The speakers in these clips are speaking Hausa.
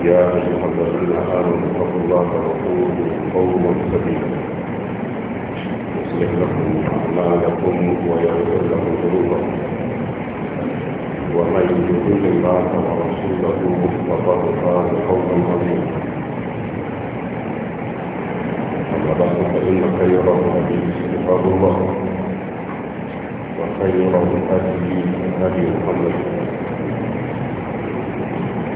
يا أيها الذين آمنوا اتقوا الله وقولوا قولا سديدا يصلح لكم أعمالكم ويغفر لكم ذنوبكم ومن يطع الله ورسوله فقد فاز قولا عظيما أما بعد فإن خير الحديث كتاب الله وخير الهدي هدي محمد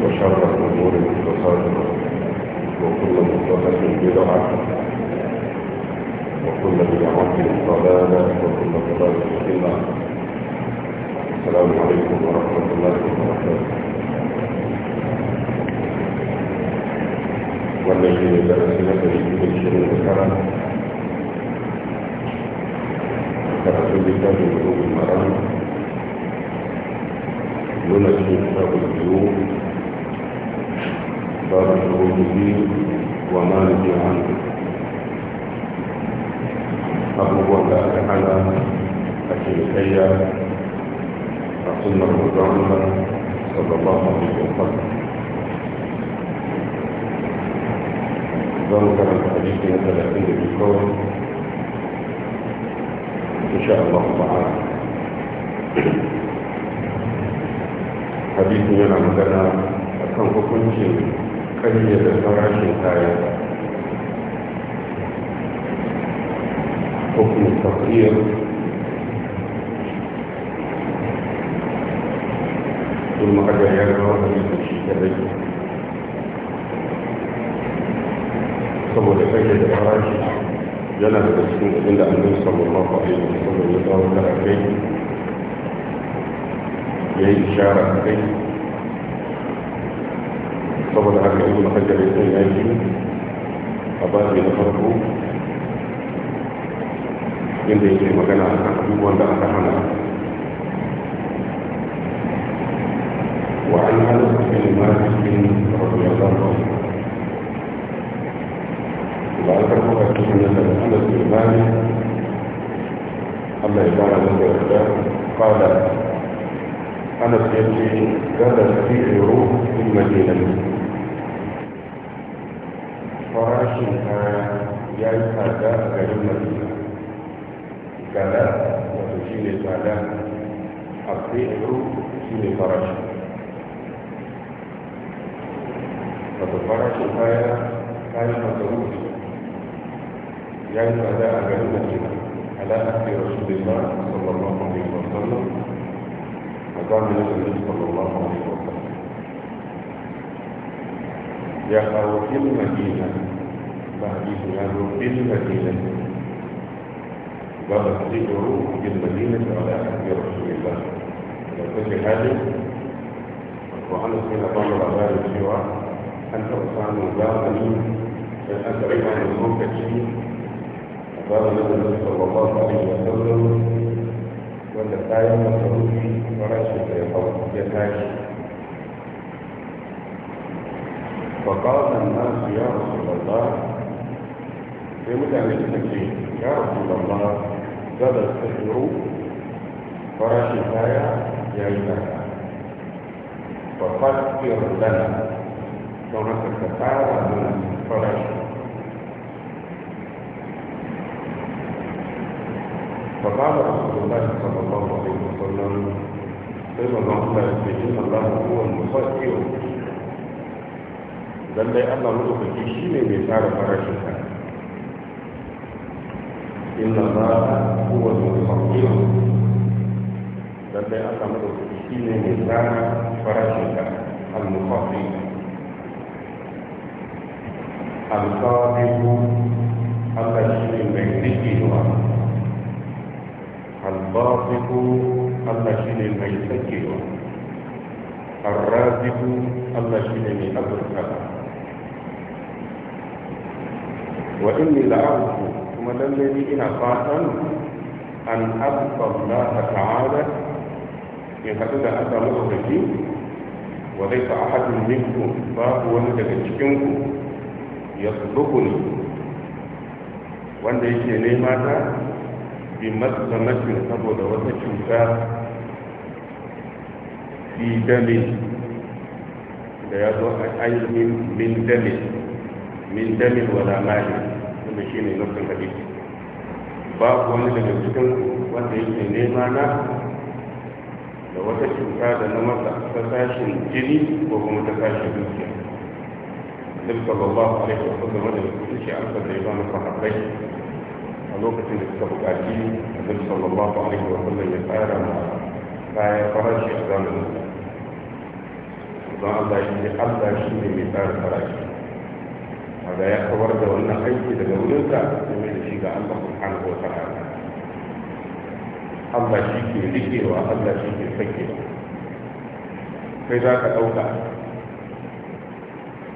وشر الأمور مختصاتها وكل مختصة بدعة وكل بدعة ضلالة وكل ضلالة في النار السلام عليكم ورحمة الله وبركاته والذي درسنا في الشروط الكرامة درسوا كتاب قلوب المرام لنا الشيخ كتاب الجيوب باب شروط الدين وما نهي عنه abubuwan da aka hana a cinikayya a sunan rukun Allah sallallahu alaihi wa sallam zan karanta hadisi na talatin da biyu kawai insha Allah ta'ala hadisin yana magana akan hukuncin fage da sauran shekara hukun tafiyar sun ma'ajar yarwa da yadda shi kadai saboda fage da farashi yana da cikin abin da annabi sallallahu alaihi wasallam ya tsawo da kai yayi ishara kai saboda haka ibn hajar ya sanya shi a bashi na farko inda yake magana a kan abubuwan da aka hana وعن انس بن رضي الله عنه لا تكفر ان انس بن مالك الله يبارك له قال انس يبكي كان في روح في المدينه farashin kaya ya yi tsada a garin madina gada wato shi ne tsada a fi'ru shi ne farashi wato farashin kaya kayan ya yi tsada a garin madina ala asli rasulullah sallallahu alaihi wasallam a zamanin annabi sallallahu alaihi wasallam ya kawo kin madina بعديه هذا في المدينة باب الصبر في المدينة على عهد رسول الله لو كنت هذا وأنا سيدنا بعض الأبار السوى أنت أصعب مبارني فأدري عن المنكشي أبار النبي صلى الله عليه وسلم وأن الآية مصروفي فراشة يتاشي فقال الناس يا رسول الله sai mutane suka ce ya rasu lamba za da suka tsoro farashin kaya ya yi tsada ba fasfiyar lana don haka ka tsara mana farashi فقال رسول الله صلى الله عليه وسلم سيما الله إن الله هو المصدر lallai allah maɗaukaki shi ne mai tsara farashin kaya إن الله هو المصدر لما أقام الدين نزاع فرجك المصدر الصادق الذي يمسكها الباطق الذي يمسكها الرازق الذي يمسكها وإني لأعرف kuma lalle ni ina fatan an abba Allah ta'ala in haɗu da Allah maɗaukaki wa zai fa ahadun minku babu wani daga cikinku ya ne wanda yake nema ta bi matsamakin saboda wata cuta fi dame da ya zo a ainihin min dame min dame wala mali wanda shi ne nufin hadisi ba ku wani daga cikin wanda yake nema na da wata cuta da na masa ta tashin jini ko kuma ta tashin dukiya duk sallallahu alaihi wa sallam da yake shi an fara ba masa habai a lokacin da suka buƙaci duk sallallahu alaihi wa sallam ya tsara ma kayan farashi a zamanin da Allah shi ne Allah shi ne mai tsara farashi kaga ya kawar da wannan aiki daga wurinsa ya mai da shi ga Allah subhanahu wa ta'ala Allah shi ke rikewa Allah shi ke sakewa kai za ka ɗauka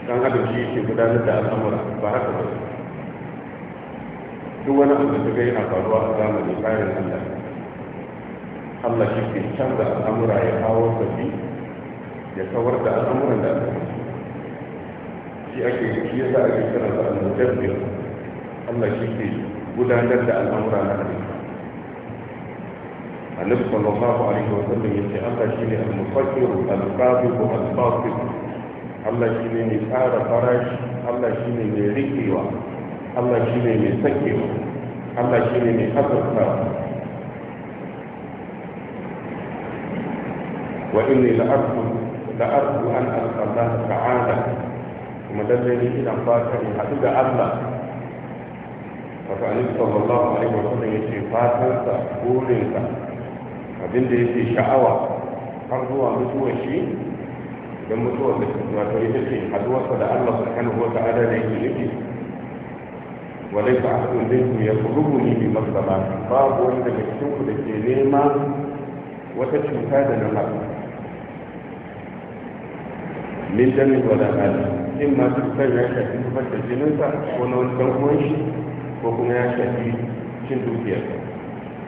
dan adam shi ke gudanar da al'amura ba haka ba duk wani abu da kaga yana faruwa a zamani bayan Allah Allah shi ke canza al'amura ya kawo sabbi ya kawar da al'amuran da aka shi ake shi yasa ake kira da al-mudabbir Allah shi ke gudanar da al'amura na halitta annabi sallallahu alaihi wa sallam yace Allah shine al-mufakkir al-qadir al-basit Allah shine mai tsara farashi Allah shine mai rikewa Allah shine mai sakewa Allah shine mai azurtawa وإني لأرجو لأرجو أن ألقى الله تعالى kuma lalle ne ina fata ne haɗu da Allah wato annabi sallallahu alaihi wa sallam yace fatan sa burin sa abin da yake sha'awa har zuwa mutuwar shi idan mutuwar da wato ita ce haduwarsa da Allah subhanahu wa ta'ala da yake nufi wa laysa ahadun minkum yaqulubuni bi masdaba ba wani daga cikin ku dake nema wata cuta da na haɗu min damin wala hali in ma cutar ya shafi zubar da jininsa ko na wani ɗan uwan shi ko kuma ya shafi cin dukiyarsa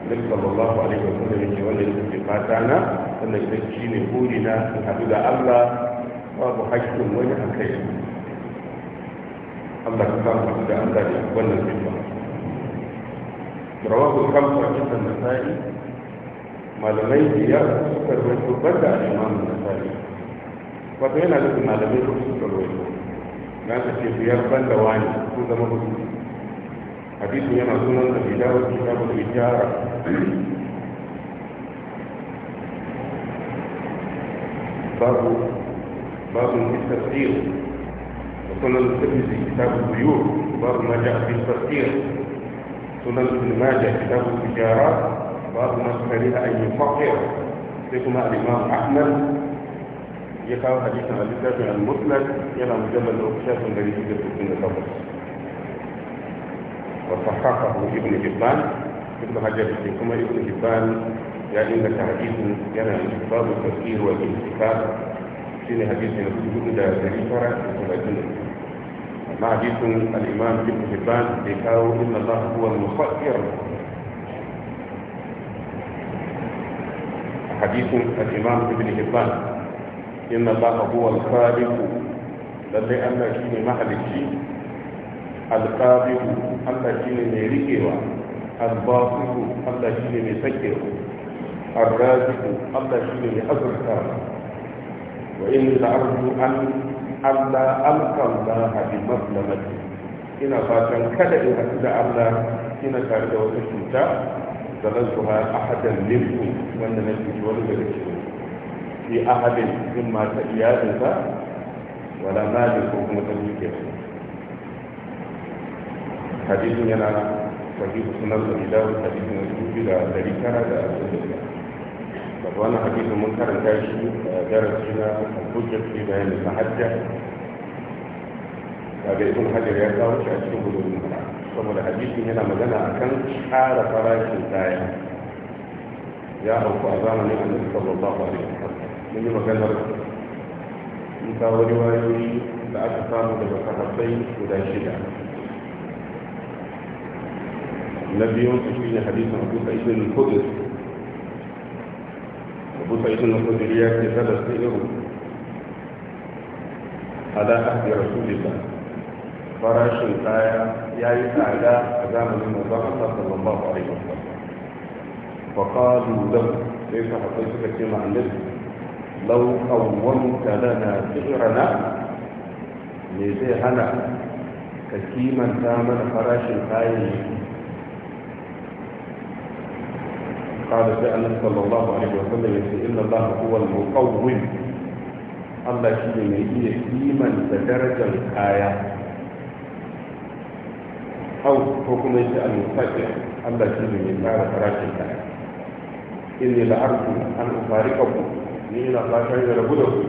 Nabi sallallahu alaihi wa sallam yake wanda yake ke fata na wanda ita shi ne buri na in haɗu da Allah babu haƙƙin wani a kai Allah ka samu haɗu da Allah ne wannan sifa rawahu kamsa inda nasa'i malamai biyar suka rubuta da imamu nasa'i wato yana nufin malamai ko su tsaro na ta ce biyar ban da wani sun zama hudu hadisin yana sunan da bai dawo kitabu da ijara babu babu tafsir sunan tirmidhi kitabu buyur babu ma a fi tafsir sunan ibn majah kitabu tijara babu ma sari'a an yufaqir sai kuma al-imam ahmad يقال حديثا حديثا المطلق يلا مجلد الوقشات الذي يجب تكون تبص وصححه ابن جبان ابن حجر كما ابن جبان يعني انك حديث كان انتصاب التفكير والانتقال في حديث نفسه الى ذري فرع وثلاثين ما حديث الامام ابن جبان يقال ان الله هو المخير حديث الامام ابن جبان inna allaha huwa al-khaliq lalle Allah shine mahalicci al-qabihu Allah shine mai rikewa al-basiru Allah shine mai sakewa al-raziqu Allah shine mai azurta wa inni la'arju an Allah alqa Allah bi maslamati ina fatan kada in haɗu da Allah ina tare da wata cuta da nan su ha ahadan minkum wanda nake wani daga cikin في أحد مما تأيادك ولا مالك متملك حديث حديثنا صحيح سنة الله حديث مسجد إلى ذلك هذا وأنا حديث منكر كاشي دارت هنا الحجة في بيان المحجة هذا يكون حجر يقول شاشي بلو المحجة ثم الحديث هنا مدنا أكن شعار فراش الدائم يا أبو أبانا نعم صلى الله عليه وسلم mun yi maganar mun kawo riwayoyi da aka samu daga sahabbai guda shida na biyun su shi ne hadisin abu sa'idin al-khudr abu sa'idin al-khudr ya ce kada sai irin ala ahdi rasulillah farashin kaya ya yi tsada a zamanin manzon Allah sallallahu alaihi wasallam fa qalu lahu sai sahabbai suka ce ma annabi لو قومت لنا فعرنا me zai hana ka kimanta mana farashin kayan kada sai annabi sallallahu alaihi wa sallam yace inna allaha huwa al-muqawwim Allah shi ne mai iya da darajar kaya au ko kuma yace al-muqawwim Allah shi ne mai tsara farashin kaya inni la'arju an ufariqakum ni ina fatan ya rabu da ku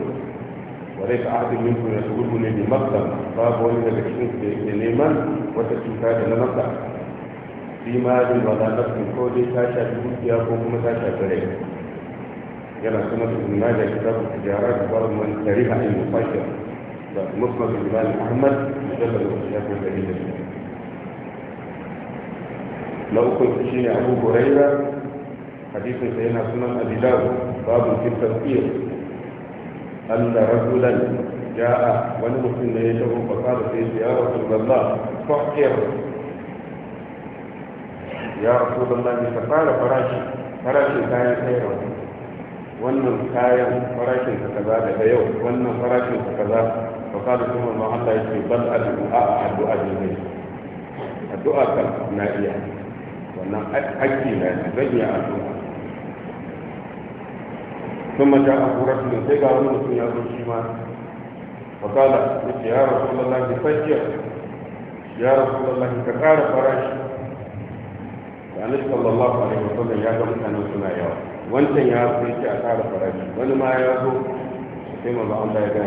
wadai ka ahadin minku ya shugudu ne bi makka babu wani daga cikin ku da yake neman wata cuta da na makka fi malin wala nafsin ko dai ta shafi dukiya ko kuma ta shafi rai yana kuma da kuma da kitabu tijara da babu man tariha in mufashir da musnad al-imam Ahmad mujallad al-shafi da dalilin na uku shine Abu Hurairah حديث سيدنا سنن أبي داود باب في التذكير أن رجلا جاء ولمسلم يده فقال سيدي يا رسول الله فحر يا رسول الله فقال فراشي فراشي كان خيرا wannan kayan farashin ka kaza daga yau wannan farashin ka kaza fa kada kuma ma Allah yake bal addu'a addu'a ne addu'a kan na iya wannan hakki na zan yi addu'a ثم جاء a kura su sai ga wani mutum ya zo shi رسول الله ya يا ya rasu lallahi فراش ya rasu الله ka وسلم farashi da sallallahu alaihi وانت ya ga mutane suna yawa wancan ya zo yake a ƙara farashi wani ma ya zo sai Allah ya Allah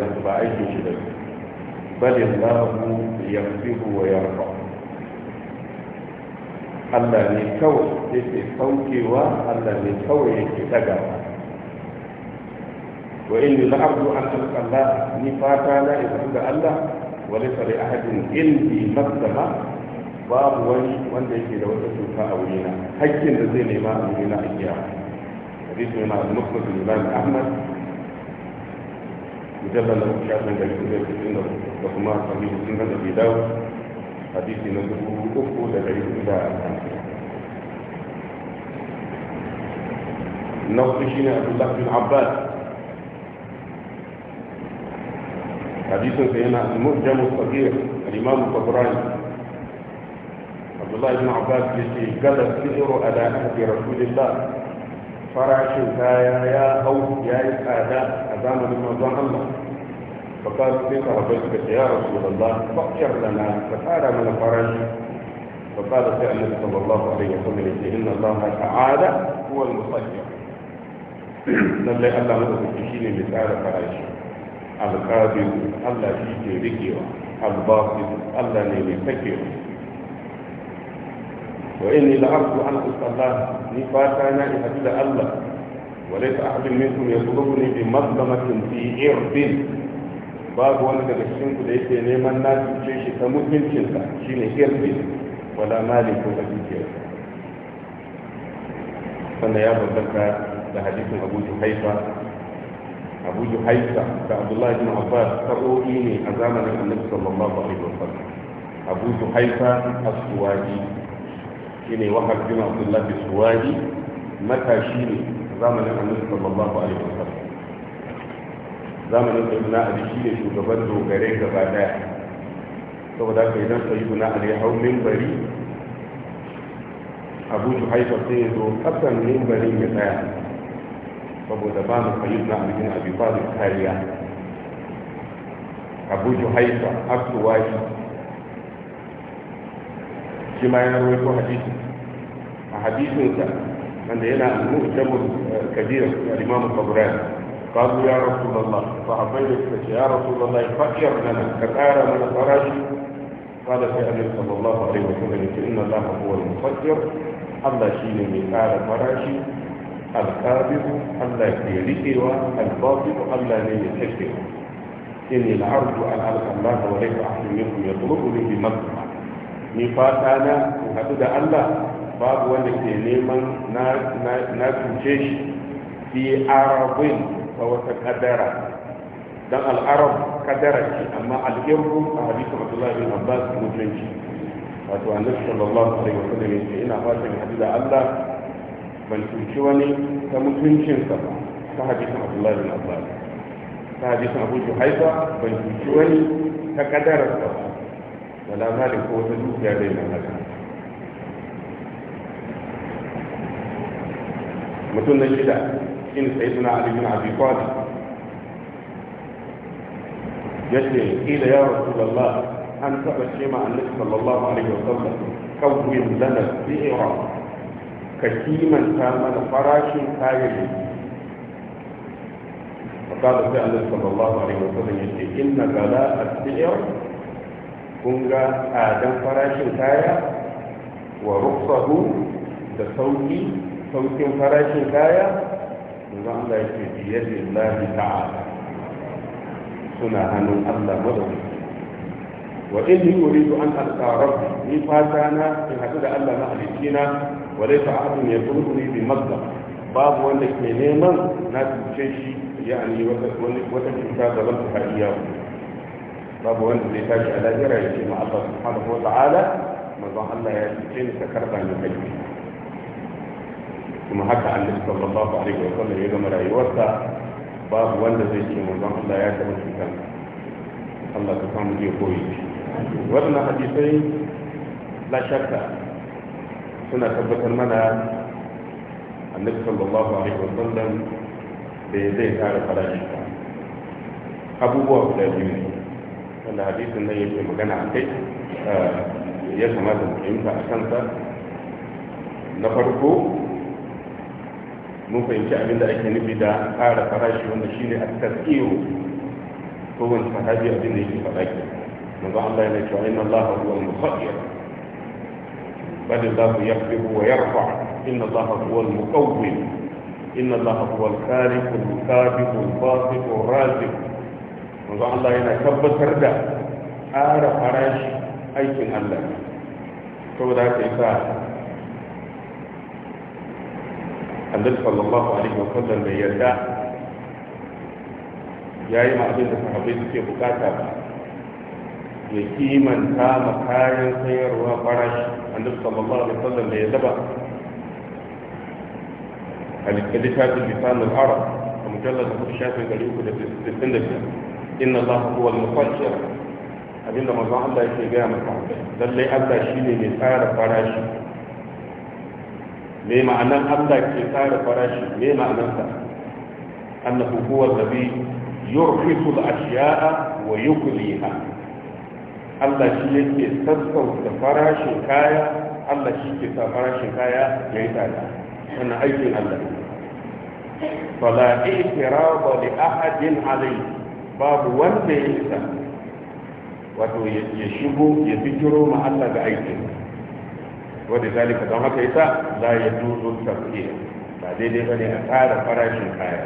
ne kawai yake saukewa Allah ne kawai yake dagawa وإني لأرجو أن ألقى الله نفاتا لا يفعل الله وليس لأحد إني مكتبة باب وني وأن يجي لو تشوفها أولينا لنا حج الذين ما أولينا إياه حديث من عبد المخلص الإمام أحمد مجلد له شافعي بن كثير كثير وكما صحيح سنة أبي داود حديث من نزله أفو لديه إلى نوقشنا عبد الله بن عباس حديث سيدنا المهجم الصغير الإمام الطبراني عبد الله بن عباس يجي قد السعر على عهد رسول الله فرعش كايا يا أو يا إسعاداء أزام المنظم الله فقال سيدنا ربك يا رسول الله فاغفر لنا فقال من فرج فقال سيدنا صلى الله عليه وسلم إن الله تعالى هو المصدق لله ألا الشيء اللي لسعر فرعشه alƙadir Allah shi ke rikewa albasir Allah ne mai sakewa wa inni la'abdu an usalla ni fata na in haɗu da Allah wa laysa ahadun minkum ni bi mazlamatin fi irdin babu wani daga cikin ku da yake neman na cuce shi ta mutuncinsa shine irdin wala malin ko da dukiyarsa sannan ya bambanta da hadisin abu haifa abu juhaisa da abdullahi bin abbas sa'o'i ne a zamanin annabi sallallahu alaihi wasallam abu juhaisa as-suwaji shine wahab bin abdullahi suwaji matashi ne zamanin annabi sallallahu alaihi wasallam zamanin sayyidina ali shine shugaban dogare gaba daya saboda kai haka idan sayyidina ali ya hau minbari abu juhaisa sai ya zo kasan minbarin ya tsaya saboda ba mu a cikin abin abi talib kariya abu juhaifa aktuwashi shi ma yana rawaito hadisi a hadisinsa wanda yana al-mu'jamul kabir al-imam al-tabrani ya rasulullah قالوا يا رسول الله فعبيدك يا رسول الله فأجر لنا كتار من فراشي قال النبي صلى الله inna وسلم huwa al هو allah shi ne mai قال farashi alƙabiru Allah ke riƙewa albabiru Allah ne ya tafiya shine al'ardu al'alƙallah wa laifin ahimmikum ya tsulubu ne bi makka ni fata na ku haɗu da Allah babu wanda ke neman na cuce shi fi arabin wata kadara dan al'arab kadara ce amma al'irru a hadisun abdullahi bin wato annabi sallallahu alaihi wasallam ina hadu da Allah ban cuci wani ta mutuncinsa ba ta hadisin abdullahi bin abbas ta hadisin abu juhaifa ban cuci wani ta kadararsa ba wala mali ko wata dukiya bai nan haka mutum na shida shine suna ali bin abi talib yace ila ya rasulullah an taba ce ma annabi sallallahu alaihi wasallam kawwin lana bi'ra ka kimanta mana farashin kayayyaki فقال فعلا صلى الله عليه وسلم إن غلاء السعر كنغا آدم فراش كايا ورخصه da sauki saukin farashin kaya za Allah ya ce biyar lillahi ta'ala suna hannun Allah madaukaki wa in ni uridu an alqa rabbi ni fata na in hadu da Allah na halicci na walai ta ahadun ya turku ne bi mazda babu wanda ke neman na cuce shi ya yani wata cuta da ban ta hariya babu wanda zai tashi a lahira ya ce ma Allah subhanahu wa ta'ala manzon Allah ya cuce ni ka karba ni kai kuma haka annabi sallallahu alaihi wa sallam ya gama rayuwarsa babu wanda zai ce manzon Allah ya taba cutan Allah ka samu je koyi wannan hadisai la shakka suna tabbatar mana annabi sallallahu alaihi wasallam da zai kare farashi abubuwa guda biyu ne wanda hadisin nan yake magana a kai ya kamata mu fahimta a kansa na farko mun fahimci abin da ake nufi da ƙara farashi wanda shi ne a tasiro kowane sahabi abin da yake faɗa ke manzo Allah yana cewa inna Allah huwa al-mukhayyiru بل الله يخلق ويرفع ان الله هو المكون ان الله هو الخالق المكافئ الباسط الرازق وزعم الله ان كبت ردا ارى فراش اي في الله تو ذاك النبي صلى الله عليه وسلم يدا جاي ما عبد الحبيب في بكاتا ya kimanta ma kayan sayarwa farashi annabi sallallahu alaihi wasallam da ya zaba الكتاب لسان العرب ومجلد ابو الشافعي قريب في السندسه ان الله هو المفجر abinda manzon Allah yake gaya maka lalle Allah shine mai tsara farashi me ma'anar Allah ke tsara farashi me ma'anar sa annahu huwa alladhi yurfisu al-ashya'a wa yuqliha Allah shi yake sassauta farashin kaya Allah shi ke sa farashin kaya ya yi tsada wannan aikin Allah fala ikiraba li ahadin alai babu wanda ya isa wato ya shigo ya fikiro ma Allah ga aikin da zalika don haka yasa la ya dudu tafkir ba daidai ba ne a tsara farashin kaya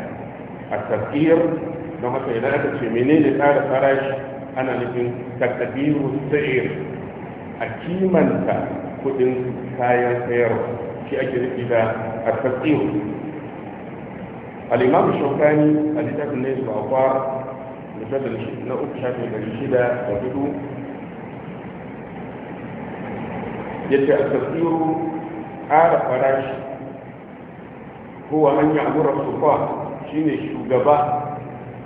a tafkir don haka idan aka ce menene tsara farashi ana nufin takadiru sa'ir a kimanta kudin kayan sayarwa shi ake nufi da at-tasir al-imam a littafin ne ba kwa na uku shafin da shida da hudu yace at-tasir ƙara farashi ko wa hanya amurra shi ne shugaba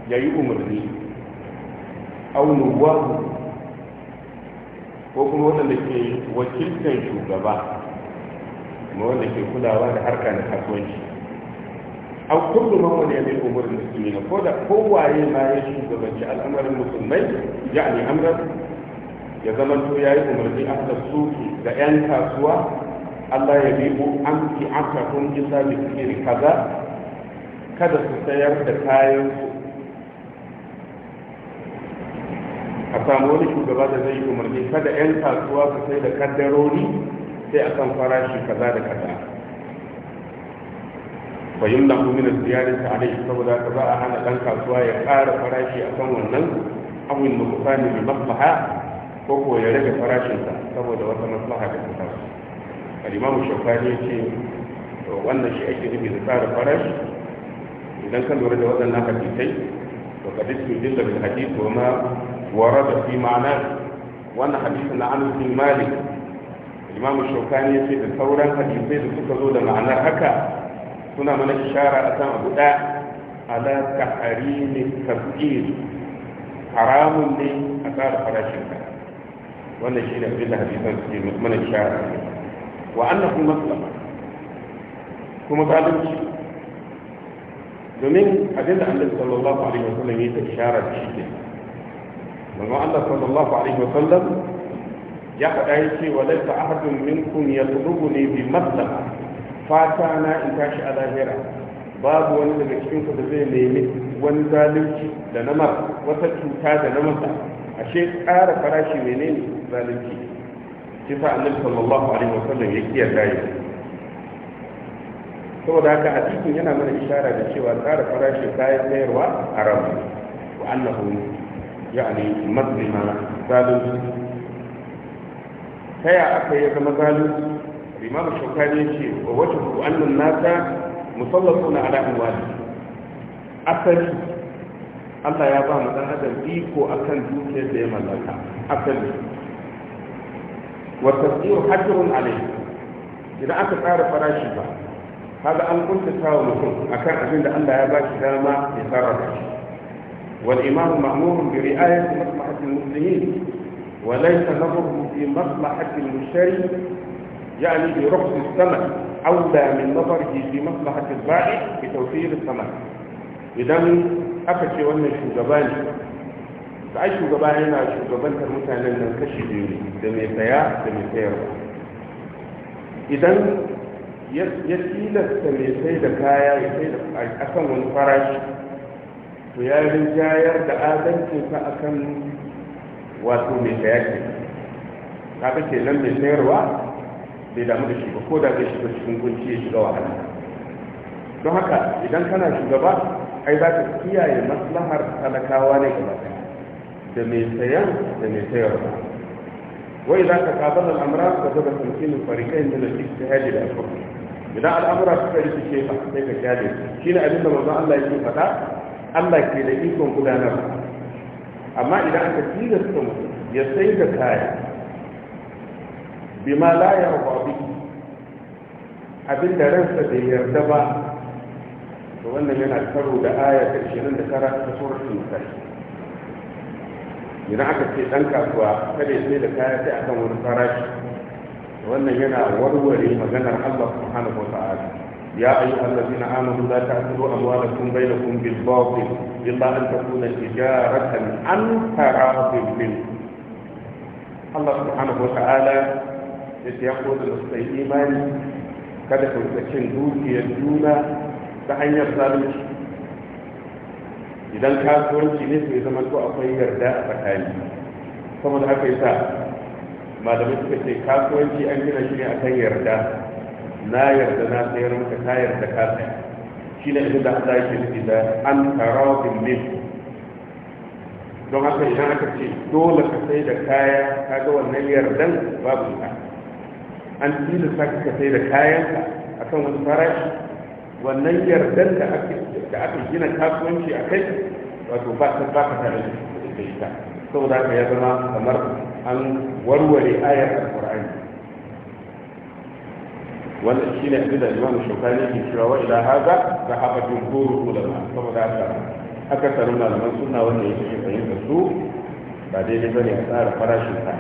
ya yi umarni aunin ko kuma wanda ke wakilcin shugaba kuma wanda ke kulawa da harka na kasuwanci a kullum man wani yamin umurin musulmi na ko da kowaye ma ya shugabanci al'amarin musulmai ya ne amrar ya zama to ya yi umarni a da suki da 'yan kasuwa allah ya bibu an fi aka kun isa da kaza kada su sayar da kayan su a samu wani shugaba da zai yi umarni kada 'yan kasuwa su sai da kaddarori sai a kan farashi kaza da kaza bayan na kuma ziyarar ta alai saboda ka za a hana ɗan kasuwa ya kara farashi a kan wannan abin da kusa ne mai maslaha ko ko ya rage farashinsa saboda wata maslaha da kusa alimamu shafari ya ce wannan shi ake nufi da tsara farashi idan ka lura da waɗannan hadisai to kadis da bil hadisi ma ورد في معناه وانا حديث عن ابن مالك الامام الشوكاني يقول الثورة حديثي لسكة ذو معنى هكا سنة من الشارع أسام أبو على تحريم التفكير حرام لي أثار فراشك وانا شيء أبدا حديثا من الشارع وأنه مطلق kuma zalunci domin abin da annabi sallallahu alaihi wasallam yake ishara da shi manzo Allah sallallahu alaihi wa sallam ya faɗa ce wa laita ahadun minkum ne bi maslaha fata na in tashi a lahira babu wani daga cikin ku da zai nemi wani zalunci da namar wata cuta da namar ashe ƙara farashi menene zalunci kisa annabi sallallahu alaihi wa sallam ya kiyar yi saboda haka a cikin yana mana ishara da cewa tsara farashin kayan sayarwa a rabu wa annahu yani mazlima zalunci ta ya aka ya zama zalunci imamu shokani ce wa wata ku annan nasa musallatuna ala anwali asali Allah ya ba mu dan adam iko akan dukiyar da ya mallaka asali wa tasdiru hajrun alayhi idan aka tsara farashi ba kaga an kunta tawo mutum akan abin da Allah ya ba shi dama ya tsara shi والإمام مأمور برعاية مصلحة المسلمين وليس نظره في مصلحة المشتري يعني برخص الثمن أولى من نظره في مصلحة البائع بتوفير الثمن إذا أفشي وأنا شوغبان أي شوغبان هنا شوغبان كمثال أن الكشي ديني دمي سياء دمي سيارة إذا يسيل السميسي لكايا يسيل أكثر الفرج to ya rinjayar da adalcinsa a kan wato mai saya ke ta ke nan mai sayarwa bai damu da shi ba ko da zai shiga cikin kunci ya shiga wahala don haka idan kana shugaba ai za ka kiyaye maslahar talakawa ne gaba da mai sayan da mai sayarwa wai za ka kabar al'amura ka zaba tamkinin farikai da na ijtihadi da alfaqa idan al'amura suka rikice ba sai ka kyale shi ne abin da manzon Allah yake faɗa Allah ke da ikon gudanar amma idan aka tilasta mutum ya sai da kaya bima la ya rabu abin da ransa da yarda ba to wannan yana karo da aya ta 29 ta suratul nisa idan aka ce dan kasuwa kada ya sai da kaya sai akan wani farashi wannan yana warware maganar Allah subhanahu wa ta'ala يا أيها الذين آمنوا لا تأكلوا أموالكم بينكم بالباطل إلا أن تكون تجارة عن تراض منكم الله سبحانه وتعالى يقول للمسلمين إيماني kada ku tsakin dukiyar juna ta hanyar zalunci idan kasuwanci ne sai zama to akwai yarda a tsakani saboda haka yasa malamai suka ce kasuwanci an gina shi ne akan yarda na yarda na sayar maka ka yarda ka saya shi ne abin da Allah yake nufi da an tarabin min don haka idan aka ce dole ka sai da kaya ka ga wannan yardan babu ka an tilasta ka sai da kayanka akan wani farashi wannan yardan da aka gina kasuwanci a kai wato ba ta ba ka tare da ita saboda haka ya zama kamar an warware ayar qurani wannan ne abin da imamu Shawkani ke cewa wa ila haza da haɓa jumhurin ulama saboda haka aka samu malaman sunna wanda yake cikin da su ba daidai bane a tsara farashin ta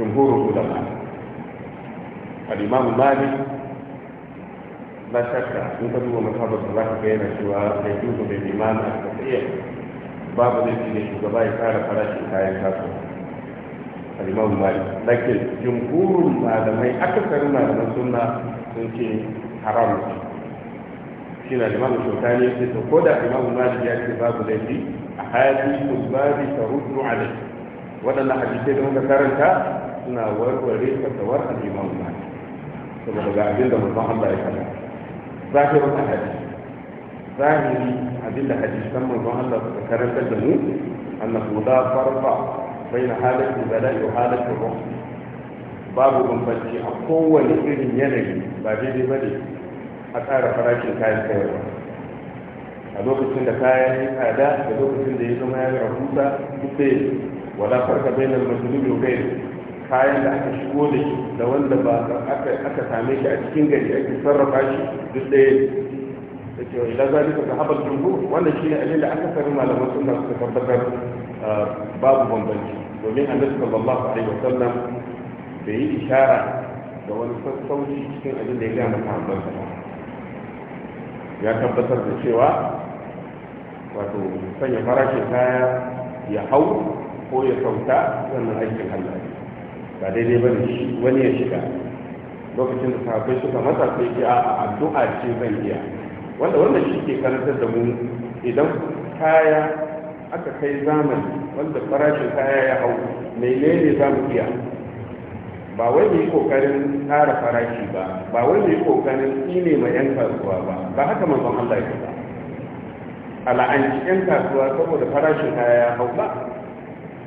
jumhurin ulama al-Imam mali la shakka in ka duba masabar da za ka gaira cewa bai duba bai limana a babu zai ne shugaba ya tsara farashin kayan kasuwa alimamu malik lakin jumhurin malamai akasarin malaman sunna sun ce haram shi na limamu shautani ya ce to ko da alimamu malik ya ce babu laifi a hadisun babi ta rudu alai waɗannan hadisai da muka karanta suna warware fatawar alimamu malik saboda ga abin da mutum Allah ya kalla zahirin hadisi zahiri abin da hadisan mutum Allah suka karanta da mu annahu la farqa baina halatul bala'i wa halatul ruh babu bambanci a kowane irin yanayi ba daidai ba ne a tsara farashin kayan sayarwa a lokacin da kayan yi tsada da lokacin da ya zama ya rahusa duk wala farka bainal majlumi wa ghairihi kayan da aka shigo da shi da wanda ba aka same shi a cikin gari ake sarrafa shi duk ɗaya da cewa ila zalika ka haɓar jumhur wannan shi ne abin da aka sami malaman sunna suka tabbatar babu bambanci domin annabi sallallahu alaihi wasallam bai yi ishara da wani sassauci cikin abin da ya maka sahabbansa ya tabbatar da cewa wato sanya farashin kaya ya hau ko ya sauta wannan aikin Allah ba daidai ba ne wani ya shiga lokacin da sahabbai suka masa sai ce a addu'a ce zan iya wanda wannan shi ke karantar da mu idan kaya aka kai zamani wanda farashin kaya ya hau menene za mu iya ba wai yi kokarin tsara farashi ba ba wai yi kokarin tsine ma yan kasuwa ba ba haka manzon Allah ya faɗa ala'anci yan kasuwa saboda farashin kaya ya hau ba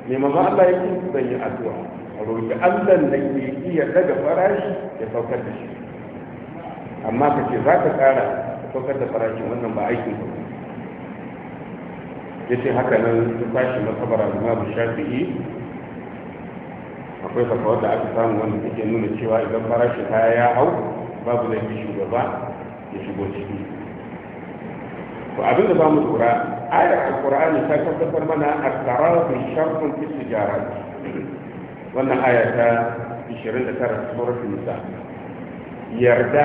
ne manzon Allah ya ce zan yi addu'a roƙi Allah da ke iya daga farashi ya saukar da shi amma ka ce za ka tsara saukar da farashin wannan ba aikin ba ya ce haka nan su kwashi masabar alimamu shafi'i akwai fatawar da aka samu wanda take nuna cewa idan farashi kaya ya hau babu laifi shugaba ya shigo ciki to abin da ba mu tsora ayar alkur'ani ta tabbatar mana al-tarafi sharfun fi tijarat wannan aya ta 29 suratul nisa yarda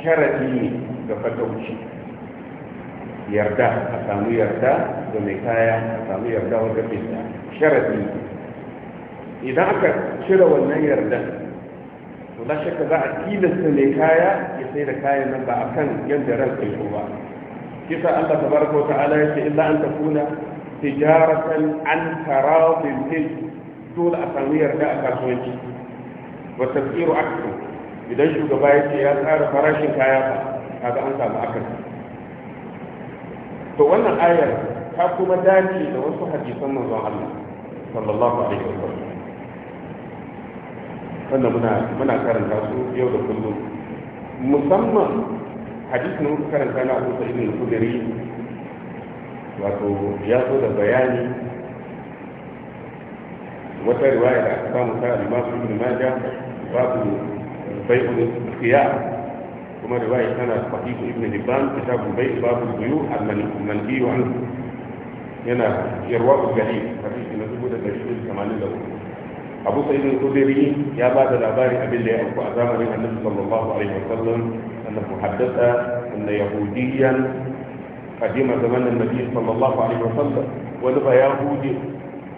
sharadi ne ga fatawci yarda a samu yarda da mai kaya a samu yarda wanda bai sharadi idan aka cire wannan yarda to la shaka za a tilasta mai kaya ya sai da kayan nan ba kan yadda ran teku ba kisa Allah tabaraka ko ta'ala ya ce illa an kuna tijaratan an tarafin min dole a samu yarda a kasuwanci wa tafsiru aksu idan shugaba ce ya tsara farashin kaya ba kaga an samu akasi to wannan ayar ta kuma dace da wasu hadisan manzon Allah sallallahu alaihi wasallam wannan muna muna karanta su yau da kullum musamman hadisin da karanta na Abu Sa'id al-Khudri wato ya zo da bayani wata riwaya da aka samu ta al-Imam Ibn Majah babu bai'ul khiyar كما رواية أنا صحيح ابن هبان كتاب البيع باب البيوع المنفي عنه هنا يرواء الجليل حديث من سبود المشهور كمان له أبو سيد الخدري يا بعد الأبار أبي اللي أبو أزام النبي صلى الله عليه وسلم أنه حدث أن يهوديا قديم زمان النبي صلى الله عليه وسلم ولغى يهودي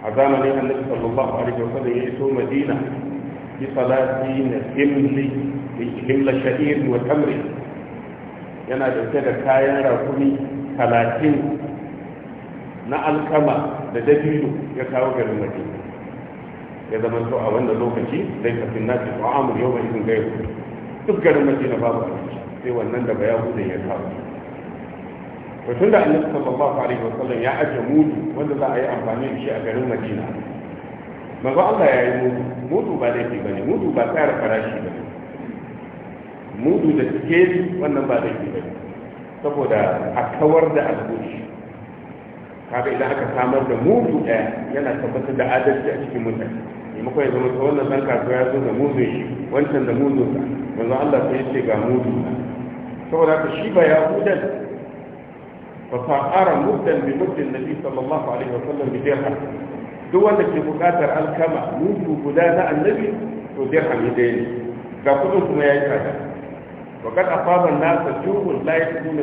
أزام النبي صلى الله عليه وسلم يأتوا مدينة بصلاة دين himla sha'ir wa tamri yana dauke da kayan rakumi talatin na alkama da dabino ya kawo garin madina ya zama to a wanda lokaci zai tafi na fi ta'amu yau mai izin gairu duk garin madina babu abinci sai wannan da bayahu zai ya kawo to tun da annabi sallallahu alaihi wa sallam ya aje mudu wanda za a yi amfani da shi a garin madina manzo Allah ya yi mudu mudu ba laifi bane mudu ba tsara farashi bane mudu da sikeli wannan ba da ba saboda a kawar da albushi kaga idan aka samar da mudu ɗaya yana tabbatar da adalci a cikin mutane maimakon ya zama ta wannan ɗan kasuwa ya zo da mudu shi wancan da mudu sa yanzu Allah sai ce ga mudu saboda haka shi ba ya hudan fa sa'ara mudan bi mudin nabi sallallahu alaihi wa sallam bi dirham duk wanda ke buƙatar alkama mudu guda na annabi to dirham ya daina ga kuɗin kuma ya yi tsada wa kad asaba an-nas ju'un la yakunu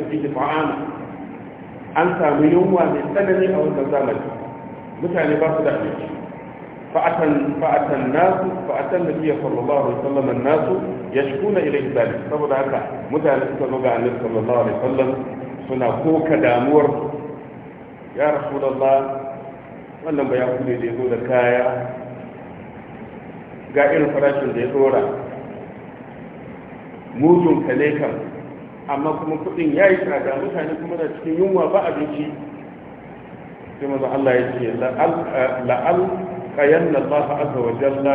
an samu yunwa mai tsanani a wannan zamani mutane ba su da abinci fa'atan fa'atan nasu fa'atan nabiyyi sallallahu alaihi wasallam an-nasu yashkuna ilayhi dhalik saboda haka mutane suka zo ga annabi sallallahu alaihi wasallam suna koka damuwar ya rasulullah wannan da ya zo da kaya ga irin farashin da ya tsora mugun kaleka kan amma kuma kudin ya yi tsada mutane kuma da cikin yunwa ba abinci sai maza Allah ya ce la'al kayan Allah azza wajen jalla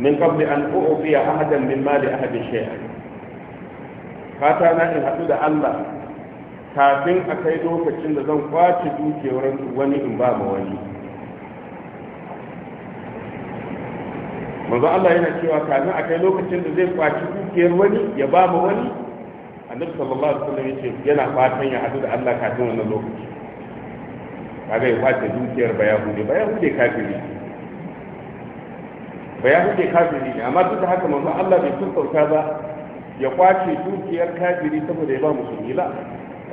min qabli an u'tiya ahadan min mali ahadin shay'an fata na in hadu da Allah kafin a kai lokacin da zan kwace dukiyar wani in ba ma wani manzo Allah yana cewa kamin akai lokacin da zai kwaci dukiyar wani ya ba mu wani annabi sallallahu alaihi wasallam yace yana fatan ya hadu da Allah kafin wannan lokaci kaga ya kwace dukiyar bayahude bayahude kafiri bayahude kafiri ne amma duk da haka manzo Allah bai sassauta ba ya kwace dukiyar kafiri saboda ya ba musulmi la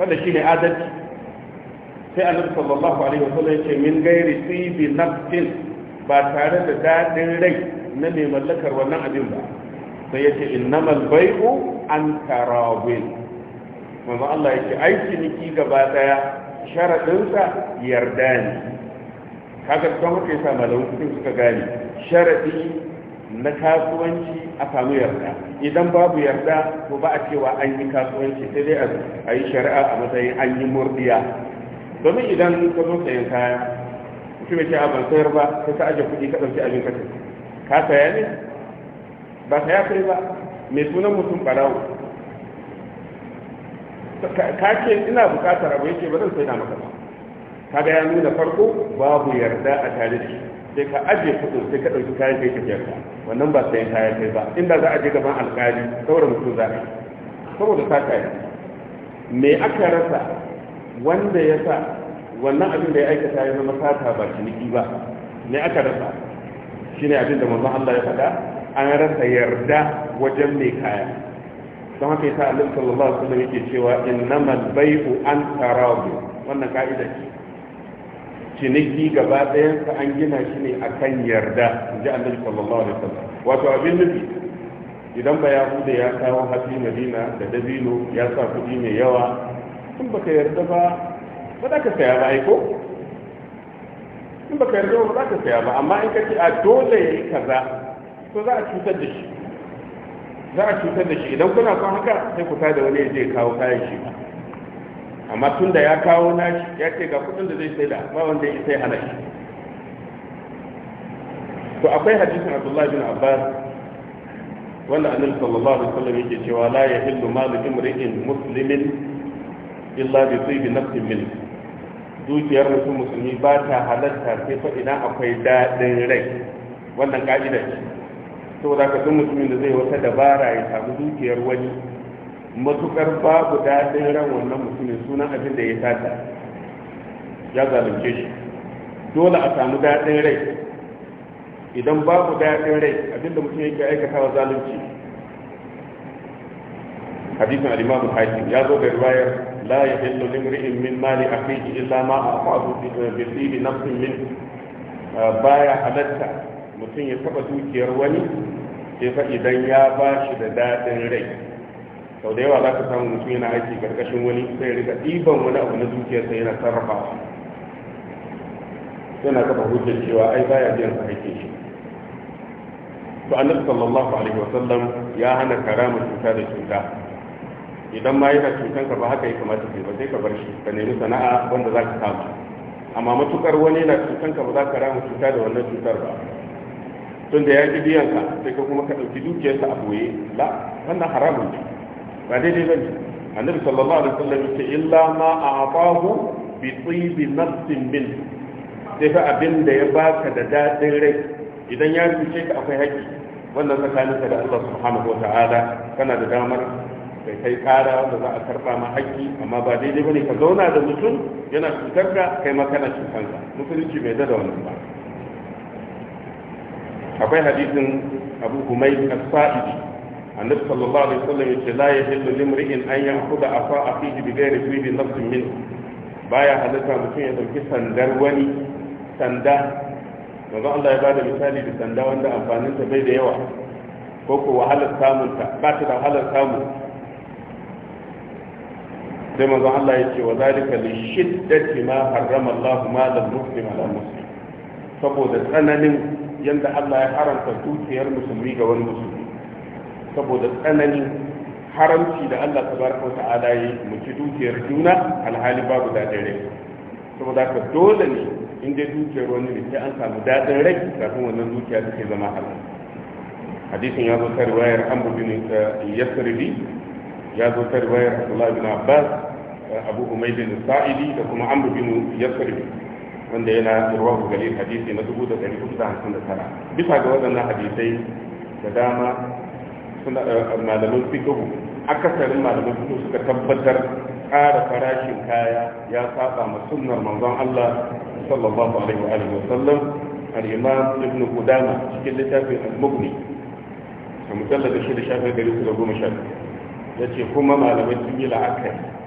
wanda shine adalci sai annabi sallallahu alaihi wasallam yace min gairi tibi nafsin ba tare da dadin rai na mai mallakar wannan abin ba sai ya ce innamal bai'u an tarawin manzo Allah ya ce ai ciniki gaba daya sharadinsa yarda ne kaga don haka sa malamu kudin suka gane sharadi na kasuwanci a samu yarda idan babu yarda to ba a cewa an yi kasuwanci sai dai a yi shari'a a matsayin an yi murdiya domin idan ka zo sayan kaya mutum ya ce a ban sayar ba sai ta aje kuɗi ka ɗauki abin ka tafi ka saya ne ba saya kai ba mai sunan mutum barawo ka ce ina bukatar abu yake ba zan sai na maka ba Ka ga ya nuna farko babu yarda a tare da shi sai ka aje kudin sai ka ɗauki kayan kai ka jarka wannan ba sayan kayan kai ba inda za a je gaban alkali saboda mutum za a yi saboda ka kai me aka rasa wanda ya sa wannan abin da ya aikata ya zama sata ba ciniki ba me aka rasa shine abin da manzon Allah ya faɗa an rasa yarda wajen mai kaya don haka yasa Allah sallallahu alaihi wasallam yake cewa innamal bai'u an tarabu wannan ka'ida ce ciniki gaba ɗayan sa an gina shi ne akan yarda inji Allah sallallahu alaihi wasallam wato abin nufi idan ba yahuda ya kawo Hafi, madina da dabino ya sa kuɗi mai yawa tun baka yarda ba ba za ka saya ba ko in baka yarda ba za ka saya ba amma in ka ce a dole ya yi kaza to za a cutar da shi za a cutar da shi idan kuna son haka sai ku da wani ya kawo kayan shi amma tun da ya kawo nashi ya ce ga kudin da zai sai da ba wanda ya sai hana shi to akwai hadisin abdullahi bin abbas wanda annabi sallallahu alaihi wasallam yake cewa la yahillu malu imri'in muslimin illa bi tibi nafsin minhu dukiyar mutum musulmi ba ta halatta sai fa idan akwai daɗin rai wannan ƙa'idar. ce saboda ka san mutumin da zai wata dabara ya samu dukiyar wani matukar babu daɗin ran wannan mutumin sunan abin da ya tata ya zalunce shi dole a samu daɗin rai idan babu daɗin rai abin da mutum yake aikatawa zalunci hadisin al-imam al hakim ya zo da riwayar لا يحل لامرئ من مال أخيه إلا ما أعطاه بسيل نفس منه بايا حلتا mutum ya taɓa dukiyar wani sai fa idan ya ba da daɗin rai sau da yawa za ka samu mutum yana aiki ƙarƙashin wani sai riga ɗiban wani abu na dukiyarsa yana sarrafa yana kafa hujjar cewa ai baya biyan sa haƙƙin shi to annabi sallallahu alaihi wasallam ya hana karama cuta da cuta idan ma yana cutan ka ba haka ya kamata ka ba sai ka bar shi ka nemi sana'a wanda za ka samu amma matukar wani yana cutan ka ba za ka rama cuta da wannan cutar ba tun da ya ki biyan ka sai ka kuma ka ɗauki dukiyarsa a boye la wannan haramun ne ba daidai ba ne annabi sallallahu alaihi wasallam ce illa ma a'tahu bi tibi nafsin min sai fa abin da ya baka da dadin rai idan ya cuce ka akwai haƙƙi wannan tsakaninka da Allah subhanahu wa ta'ala kana da damar kai kai kara wanda za a karba ma haƙƙi amma ba daidai bane ka zauna da mutum yana cutar ka kai ma kana cutar ka musulunci bai da wannan ba akwai hadisin Abu Humayd as-Sa'idi annabi sallallahu alaihi wasallam yace la yahillu limri'in an yanquda afa da bi ghairi tibin nafsin min baya halatta mutum ya dauki sandar wani sanda yanzu Allah ya bada misali da sanda wanda amfaninta bai da yawa ko ko wahalar samunta ba ta da wahalar samun. sai manzon Allah ya ce wa zalika li shiddati ma harrama Allah ma da muslim ala muslim saboda tsananin yanda Allah ya haramta dukiyar musulmi ga wani musulmi saboda tsananin haramci da Allah tabaraka wa ta'ala yi mu ci dukiyar juna alhali babu dadin rai saboda haka dole ne in dai dukiyar wani ne sai an samu dadin rai kafin wannan dukiya take zama halal hadisin ya zo ta riwayar Amr bin eh, Yasribi ya zo ta riwayar Abdullah bin Abbas abu umaydin sa'idi da kuma amr bin yasrib wanda yana irwahu galil hadisi na 1459 bisa ga waɗannan hadisai da dama suna eh, malaman fikihu akasarin malaman fikihu suka tabbatar ƙara farashin kaya ya saba ma sunnar manzon Allah sallallahu alaihi wa alihi wasallam al-imam ibn qudama cikin littafin al-mughni a mujallad 6 shafin 310 yace kuma malamai sun yi la'akari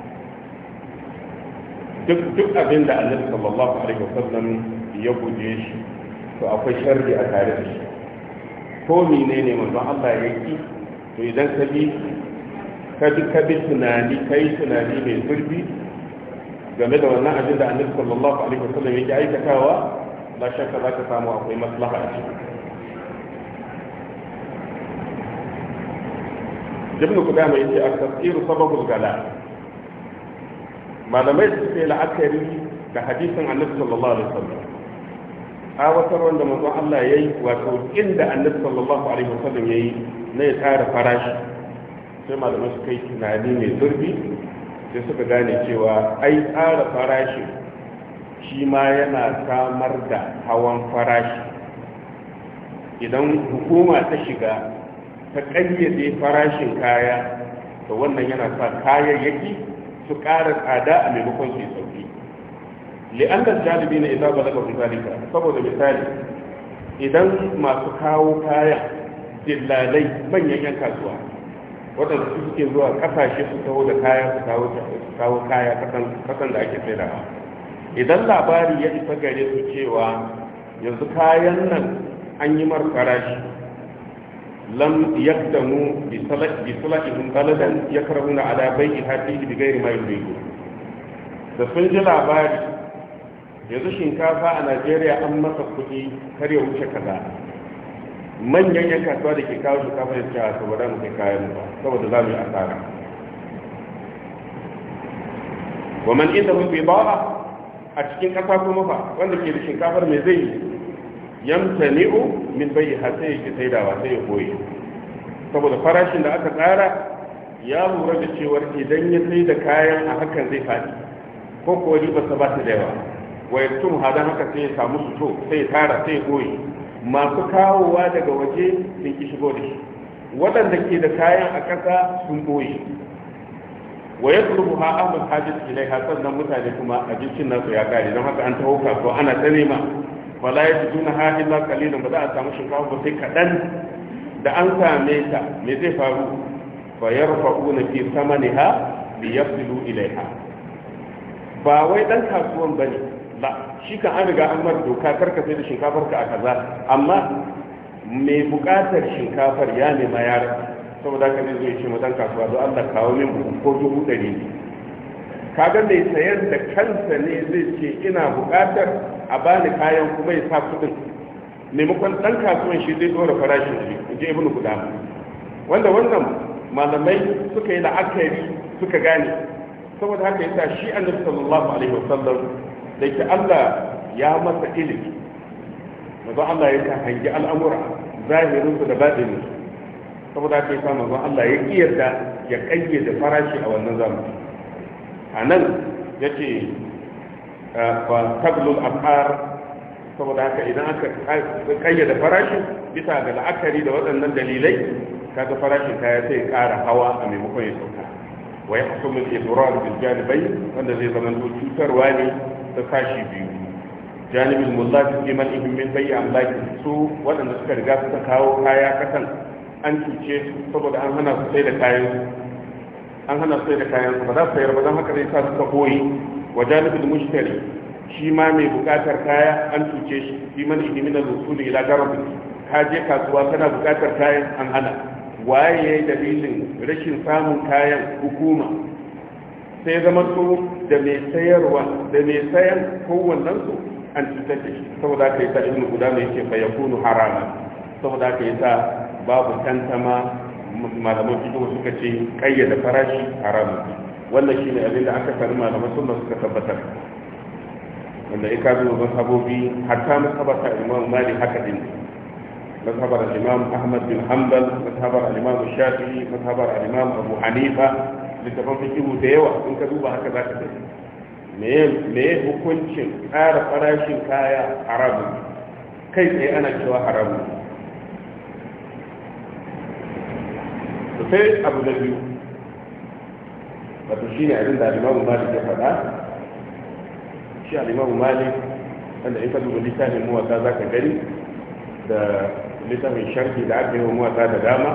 duk duk abin da annabi sallallahu alaihi wasallam ya guje shi to akwai sharri a tare da shi ko menene manzo Allah ya yi to idan ka bi ka bi ka bi tunani kai tunani mai zurfi game da wannan abin da annabi sallallahu alaihi wasallam yake aikatawa la shakka za ka samu akwai maslaha a ciki ibn kudama yace at-tafsir sababul gala malamai su sai la'akari da hadisin annabi sallallahu alaihi wasallam awatar wanda manzo Allah yayi wato inda annabi sallallahu alaihi wasallam yayi na ya tsara farashi sai malamai su kai tunani mai zurfi sai suka gane cewa ai tsara farashi shi ma yana samar da hawan farashi idan hukuma ta shiga ta ƙayyade farashin kaya to wannan yana sa kayayyaki su ƙara tsada a maimakon su yi sauƙi. li'annan jalibi na isa ba zaka fi zalika saboda misali idan masu kawo kaya dillalai manyan yan kasuwa waɗanda su suke zuwa ƙasashe su kawo da kaya su kawo kaya kasan da ake saidawa idan labari ya isa gare su cewa yanzu kayan nan an yi mar farashi lam yakdamu bi salahihim baladan yakrahuna ala bai'i hadihi bi ghairi ma yuridu da sun ji labari yanzu shinkafa a Najeriya an masa kuɗi har ya wuce kaza manyan yan kasuwa da ke kawo shinkafa da cewa saboda mu kai kayan ba saboda za mu yi asara wa man inda mun bi ba'a a cikin kasa kuma fa wanda ke da shinkafar mai zai yi yamtani'u min bayi sai ya ki saidawa sai ya koyi saboda farashin da aka tsara ya lura da cewar idan ya sai da kayan a hakan zai faɗi ko kuwa ribarsa ba ta da yawa wai tun hadan haka sai ya samu to sai ya tara sai ya koyi masu kawowa daga waje sun ki shigo da shi waɗanda ke da kayan a ƙasa sun koyi waye ya turbu ha amul hajjis ilai nan mutane kuma abincin nasu ya kare don haka an taho kasuwa ana ta nema wala ya fi duna ha illa kalilan ba za a samu shinkafa ba sai kaɗan da an same ta me zai faru fa yarfa'una fi samaniha bi yasilu ilaiha ba wai dan kasuwan bane ba shi kan an riga an mar doka karka sai da shinkafar ka a kaza amma mai bukatar shinkafar ya nema ya saboda haka zai ce mu dan kasuwa zo Allah kawo min buhu ko dubu ɗari ne kaga mai sayar da kansa ne zai ce ina buƙatar a bani kayan kuma ya sa kuɗin maimakon ɗan kasuwan shi zai ɗora farashin shi in ji ibnu kudama wanda wannan malamai suka yi la'akari suka gane saboda haka yasa shi annabi sallallahu alaihi wasallam da ke Allah ya masa ilimi manzo Allah ya ta hangi al'amura zahirin su da batinin saboda haka yasa manzo Allah ya yarda ya kayyade farashi a wannan zamani a nan ya ce ba eh, tablul afar saboda haka idan aka kayyada farashin bisa ga la'akari da waɗannan dalilai kaga farashin kaya sai ƙara hawa a maimakon ya sauka wa ya hasu min zuwa bil janibai wanda zai zama to cutarwa ne ta kashi biyu janibin su fi man ihim min bayyi laki su waɗanda suka riga suka kawo kaya kasan an cuce saboda an hana su sai da kayan an hana sai da kayan su ba za su sayar ba don haka zai sa suka koyi wa janibul mushtari shi ma mai bukatar kaya an cuce shi shi man idimina lusul ila garabi ka je kasuwa kana bukatar kayan an hana waye yayi dalilin rashin samun kayan hukuma sai zama su da mai sayarwa da mai sayan kowannen su an cutar da shi saboda ka yi sa guda mai ce fa yakunu harama saboda ka yi sa babu tantama malaman fitowa suka ce kayyada farashi haramun wannan shine abin da aka sani malaman sunna suka tabbatar wanda ya kazo wajen sabobi hatta masabata imam malik haka din mazhabar al-imam ahmad bin hanbal mazhabar al-imam Shafi, mazhabar al-imam abu hanifa littafan fikihu da yawa in ka duba haka za ka gani me hukuncin ƙara farashin kaya haramun kai tsaye ana cewa haramun sai abu na biyu wato shi ne abin da alimamu malik ya faɗa shi alimamu malik wanda in ka duba littafin muwatsa za ka gani da littafin sharki da aka yi wa muwatsa da dama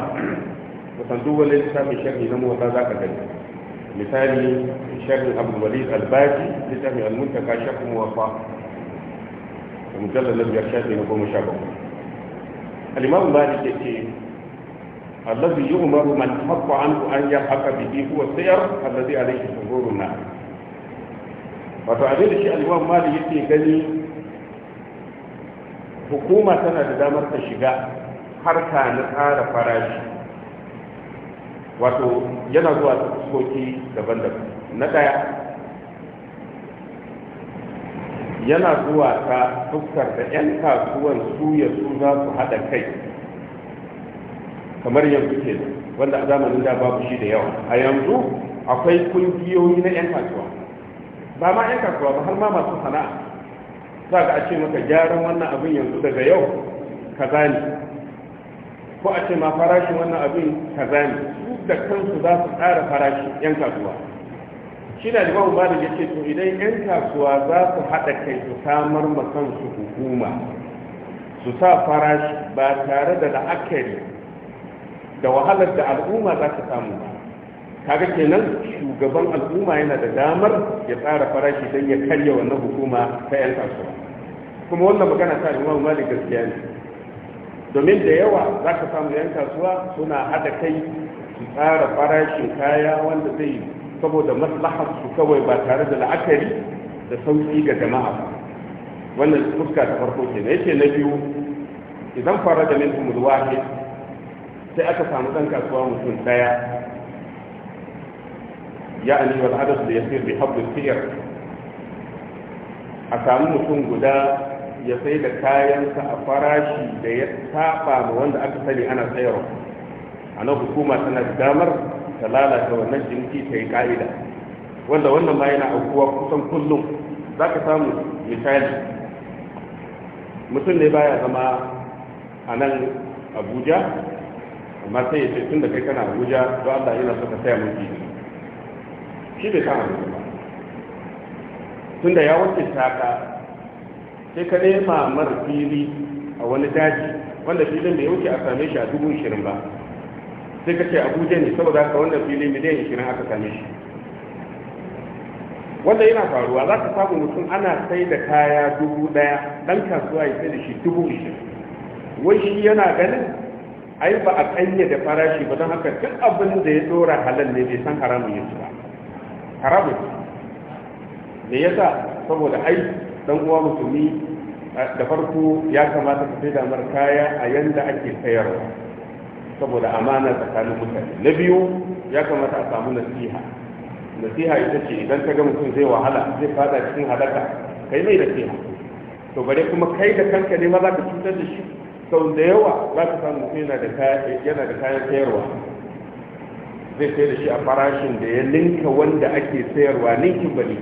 kusan duk wani littafin sharki na muwatsa za ka gani misali sharhin abdulwalid albaji littafin almuntaka shafin muwatsa da mujallar na biyar shafi na goma sha bakwai alimamu malik ya ce الذي يؤمر من حق عنه أن يلحق به هو السير الذي عليه جمهور الناس وتعديل الشيء الإمام مالي يتي gani hukuma tana لدامة الشقاء حركة shiga harka وتو ينظر farashi wato yana yana zuwa ta fuskar da 'yan kasuwar su ya su za su haɗa kai kamar yanzu ke wanda a zamanin da babu shi da yawa a yanzu akwai kungiyoyi na 'yan kasuwa ba ma 'yan kasuwa ba har ma masu sana'a za ka ce maka gyaran wannan abin yanzu daga yau ka zane ko a ce ma farashin wannan abin ka zane su da kansu za su tsara farashin 'yan kasuwa shi da limamu ba da ya ce to idan 'yan kasuwa za su haɗa kai su samar ma kansu hukuma su sa farashi ba tare da la'akari da wahalar da al'umma za ta samu kaga kenan shugaban al'umma yana da damar ya tsara farashi don ya karya wannan hukuma ta 'yan kasuwa kuma wannan magana ta mawa malin gaskiya ne domin da yawa za ka samu 'yan kasuwa suna hada kai su tsara farashin kaya wanda zai saboda maslahar su kawai ba tare da la'akari da sauki ga jama'a ba wannan fuska ta farko ke na yake na biyu idan fara da mintum wahid sai aka samu ɗan kasuwa mutum ɗaya ya'ani wal adad da yasir bi hadd al a samu mutum guda ya sai da kayansa a farashi da ya saba ma wanda aka sani ana sayarwa a hukuma tana da damar ta lalata wannan jinki ta yi ka'ida wanda wannan ma yana aukuwa kusan kullum za ka samu misali mutum ne baya zama a nan abuja amma sai ya ce tun da kai kana abuja don allah yana so ka saya mun fili shi bai san abuja ba tun da ya wuce saka sai ka nema mara fili a wani daji wanda filin da ya wuce a same shi a dubu ishirin ba sai ka ce abuja ne saboda haka wannan fili miliyan ishirin aka same shi wanda yana faruwa za ka samu mutum ana sai da kaya dubu daya dan kasuwa ya sai da shi dubu ishirin wai shi yana ganin ai ba a da farashi ba don haka duk abin da ya dora halal ne bai san haramun yake ba haramun me yasa saboda ai dan uwa musulmi da farko ya kamata ka sai damar kaya a yanda ake sayarwa saboda amana tsakanin mutane na biyu ya kamata a samu nasiha nasiha ita ce idan ka ga mutum zai wahala zai fada cikin halaka kai mai nasiha to bare kuma kai da kanka ne ma za ka cutar da shi sau da yawa za ka samu mutum yana da kayan sayarwa zai sayar da shi a farashin da ya linka wanda ake sayarwa ninkin ba ne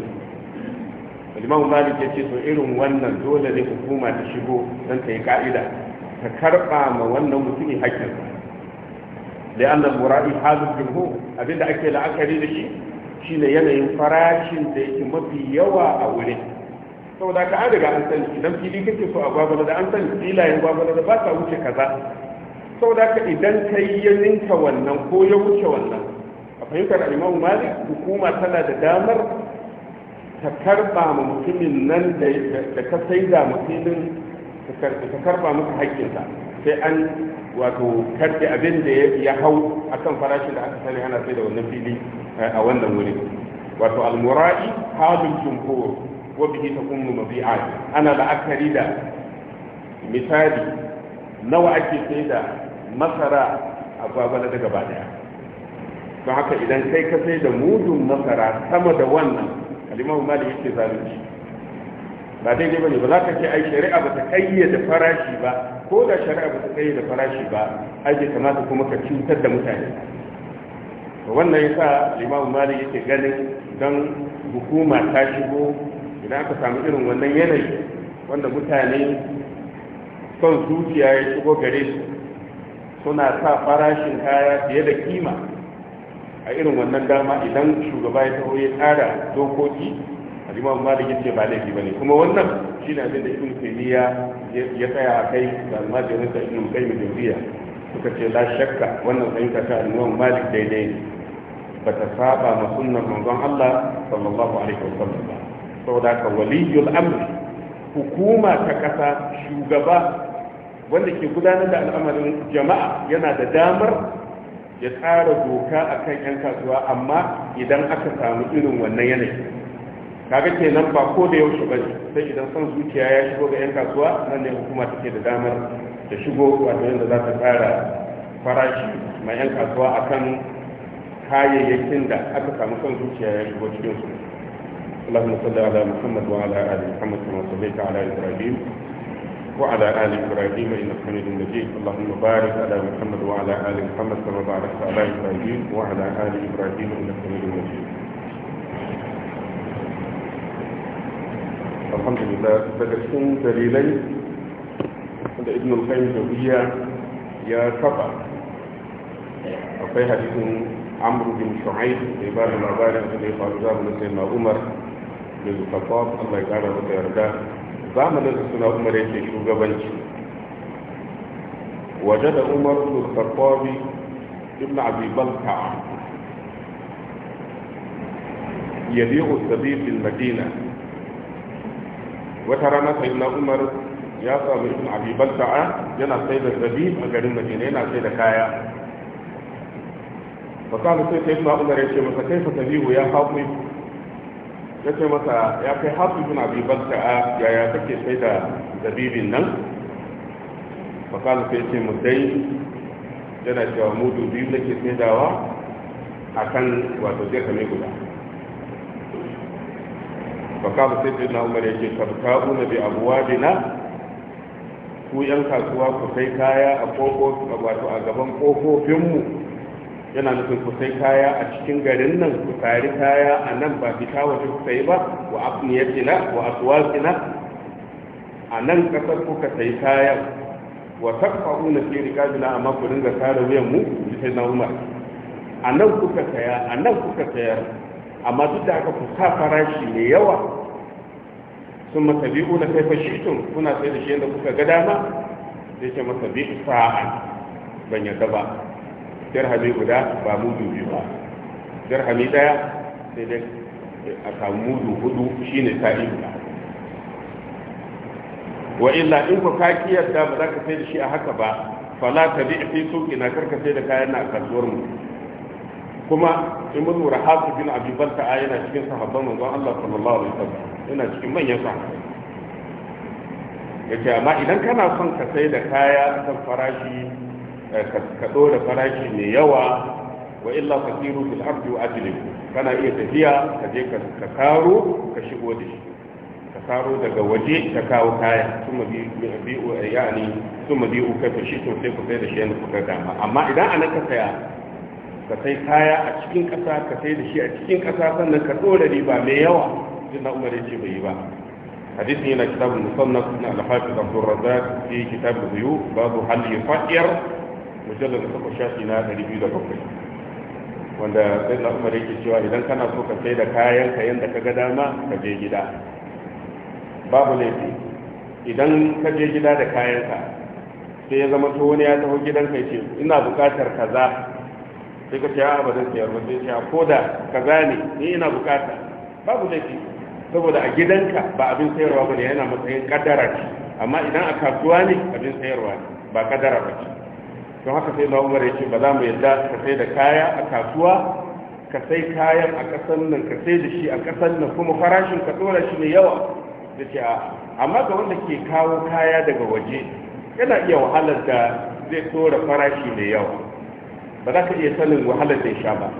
imam malik ya ce to irin wannan dole ne hukuma ta shigo don ta yi ka'ida ta karba ma wannan mutumi hakkin da an da murabi hazin jimho abinda ake la'akari da shi shine yanayin farashin da yake mafi yawa a wurin saboda ka an riga an sani idan fili kake so a gwagwada da an sani filayen gwagwada da ba sa wuce kaza saboda ka idan kai ya ninka wannan ko ya wuce wannan a fahimtar al'imam malik hukuma tana da damar ta karba ma mutumin nan da ka sai da mutumin ta karba maka haƙƙinsa sai an wato karɓe abin da ya hau akan farashin da aka sani ana sai da wannan fili eh, a wannan wuri wato almura'i halin jumhur wabi ta kunu mabi'a ana la'akari da misali nawa ake sai da masara a gwagwala daga ba daya don haka idan kai ka sai da mudun masara sama da wannan alimahu mali yake zalunci ba daidai ne ba za ka ce ai shari'a ba ta kayyade farashi ba ko da shari'a ba ta kayyade farashi ba ai kamata kuma ka cutar da mutane wannan yasa limamu mali yake ganin don hukuma ta shigo idan aka samu irin wannan yanayi wanda mutane son zuciya ya shigo gare su suna sa farashin kaya fiye da kima a irin wannan dama idan shugaba ya taho ya tsara dokoki al'imamu malik yace ba laifi ne kuma wannan shine abin da ibn taymiya ya tsaya a kai da almajirin sa ibnu qayyim jawziya suka ce la shakka wannan fahimta ta al'imamu malik daidai ne bata saba ma sunnar manzon Allah sallallahu alaihi wasallam ba saboda ka waliyul amri hukuma ta kasa shugaba wanda ke gudanar da al'amarin jama'a yana da damar ya tsara doka akan 'yan kasuwa amma idan aka samu irin wannan yanayi kaga kenan ba ko da yaushe ba sai idan son zuciya ya shigo ga 'yan kasuwa nan ne hukuma take da damar da shigo wato yadda za ta tsara farashi mai 'yan kasuwa akan kayayyakin da aka samu son zuciya ya shigo cikinsu اللهم صل على محمد وعلى آل محمد كما صليت على إبراهيم وعلى آل إبراهيم إنك حميد مجيد اللهم بارك على محمد وعلى آل محمد كما باركت على إبراهيم وعلى آل إبراهيم إنك حميد مجيد الحمد لله بدأتم دليلين عند ابن القيم الجوزية يا سبع وفي حديث عمرو بن شعيب عباد الله بارك في قال سيدنا عمر bin khattab Allah ya kara masa yarda zamanin da suna umar yake shugabanci waje da umar bin khattab ibn abi balka yabi'u sabib fil madina wata rana sayyidina umar ya samu ibn abi balka ah, yana sai da a garin madina yana sai da kaya فقال Umar yake masa kai fa تبيع ya خاطب ya ce masa ya kai hasu suna bi barka a yaya take sai da dabibin nan fakala sai ce mu dai yana cewa mudu biyu ke sai dawa a kan wato ne guda fakala sai ce na umar ya ce tabta'u bi abuwa dina ku yan kasuwa ku sai kaya a wato a gaban kofofinmu yana nufin ku sai kaya a cikin garin nan ku tari kaya a nan ba fita waje ku sai ba wa afniyatina wa aswaqina a nan kasar ku ka sayi kaya wa taqfa'una fi riqabina amma ku dinga kare wuyan mu sai na Umar a nan kuka saya a nan kuka sayar amma duk da aka kusa farashi mai yawa sun matabi'u na kai fashitun kuna sai da shi yadda kuka ga dama sai ce masa biyu sa'an ban yadda ba dirhami guda ba mudu biyu ba dirhami daya sai dai a samu mudu hudu shine sa'i guda wa illa in ku ka kiyarda ba za ka sai da shi a haka ba fala ta bi fi suki na karka sai da kayan na kasuwar mu kuma in mun lura hasu bin abi balta yana cikin sahabban manzon Allah sallallahu alaihi wasallam yana cikin manyan sahabbai yace amma idan kana son ka sai da kaya a kan farashi Eh, ka ɗora farashi mai yawa wa illa ka tsiru bil abdi wa ajli kana iya tafiya ka je ka karo ka shigo da shi ka karo daga waje ka kawo kaya sun mabi bi'u yani sun mabi u kai fashi to sai ku sai da shi yanda ka dama amma idan anan ka saya ka sai kaya a cikin ƙasa ka sai da shi a cikin ƙasa sannan ka ɗora riba mai yawa jinna umar ya ce bai yi ba حديث هنا كتاب المصنف من الحافظ عبد الرزاق في كتاب biyu, babu hali يفجر mujallar da takwas shafi na ɗari biyu da bakwai wanda sai na umar yake cewa idan kana so ka sai da kayan ka yanda ka ga dama ka je gida babu laifi idan ka je gida da kayan ka sai ya zama wani ya taho gidan ka ce ina buƙatar kaza sai ka ce a ba zan sayar ba sai ce ko da kaza ne ni ina buƙata babu laifi saboda a gidanka ba abin sayarwa ba ne yana matsayin kadara ce amma idan a kasuwa ne abin sayarwa ne ba kadara ba ce don haka sai na umar ya ce ba za mu yadda ka sai da kaya a kasuwa ka sai kayan a kasan nan ka sai da shi a kasan nan kuma farashin ka dora shi ne yawa da ce a amma ga wanda ke kawo kaya daga waje yana iya wahalar da zai dora farashi mai yawa ba za ka iya sanin wahalar da ya sha ba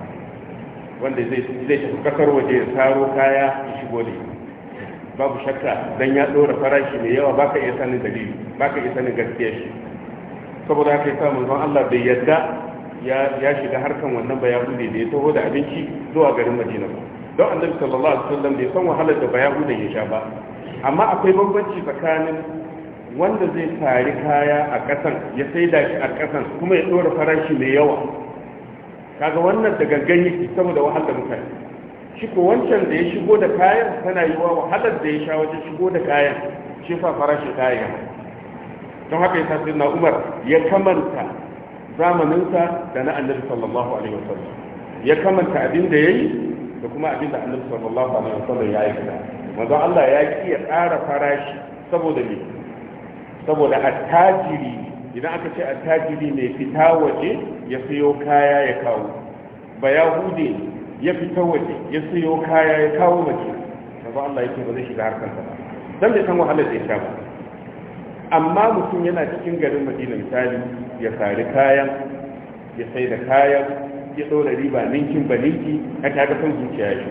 wanda zai tafi kasar waje ya saro kaya ya shigo ne babu shakka don ya dora farashi mai yawa ba ka iya sanin dalili ka iya sanin gaskiyar shi saboda haka yasa zan Allah bai yadda ya shiga harkan wannan bayahudi da ya taho da abinci zuwa garin Madina ba don annabi sallallahu alaihi wasallam bai san wahalar da da ya sha ba amma akwai bambanci tsakanin wanda zai tari kaya a kasan ya saida shi a kasan kuma ya dora farashi mai yawa kaga wannan da gangan yake saboda wahalar mutane shi ko wancan da ya shigo da kayan tana yi wa wahalar da ya sha wajen shigo da kayan shi fa farashin kayan don haka yasa na Umar ya kamanta zamaninsa da na Annabi sallallahu alaihi wasallam ya kamanta abin da yayi da kuma abin da Annabi sallallahu alaihi wasallam ya yi aikata manzo Allah ya ki ya tsara farashi saboda me saboda attajiri idan aka ce attajiri mai fita waje ya sayo kaya ya kawo ba yahude ya fita waje ya sayo kaya ya kawo waje manzo Allah yake ba zai shiga harkar sa dan da san wahalar da ya sha ba amma mutum yana cikin garin madina misali ya sari kayan ya sai da kayan ya ɗora riba ninkin ba ninki a ta gafin zuciya shi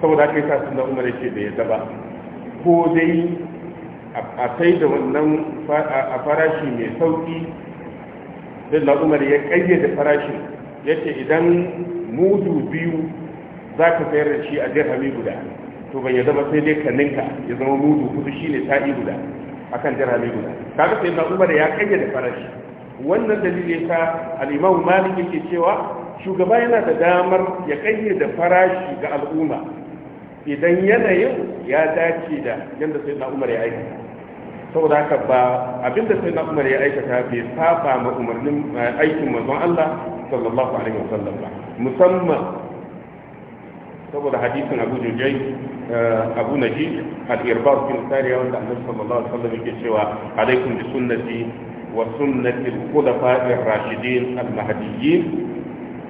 saboda haka yasa sun da umar ce da ya zaba. ko dai a sai da wannan a farashi mai sauki da umar ya ƙayyade farashin ce idan mudu biyu za ka sayar da shi a dirhami guda to ban ya zama sai dai ka ninka ya zama mudu shi ne ta'i guda akan dirhami guda kaga sai na umar ya kayyade farashi wannan dalilin ka al-imamu malik yake cewa shugaba yana da damar ya da farashi ga al'umma idan yanayin ya dace da yadda sai na umar ya aikata saboda haka ba abinda sai na umar ya aikata bai saba ma umarnin eh, aikin manzon Allah sallallahu alaihi wasallam ba musamman saboda hadisin abu jujjai eh, abu naji al-irbaz bin sariya wanda annabi sallallahu alaihi wasallam yake cewa alaikum bi sunnati wa sunnati al-khulafa'i ar-rashidin al-mahdiyyin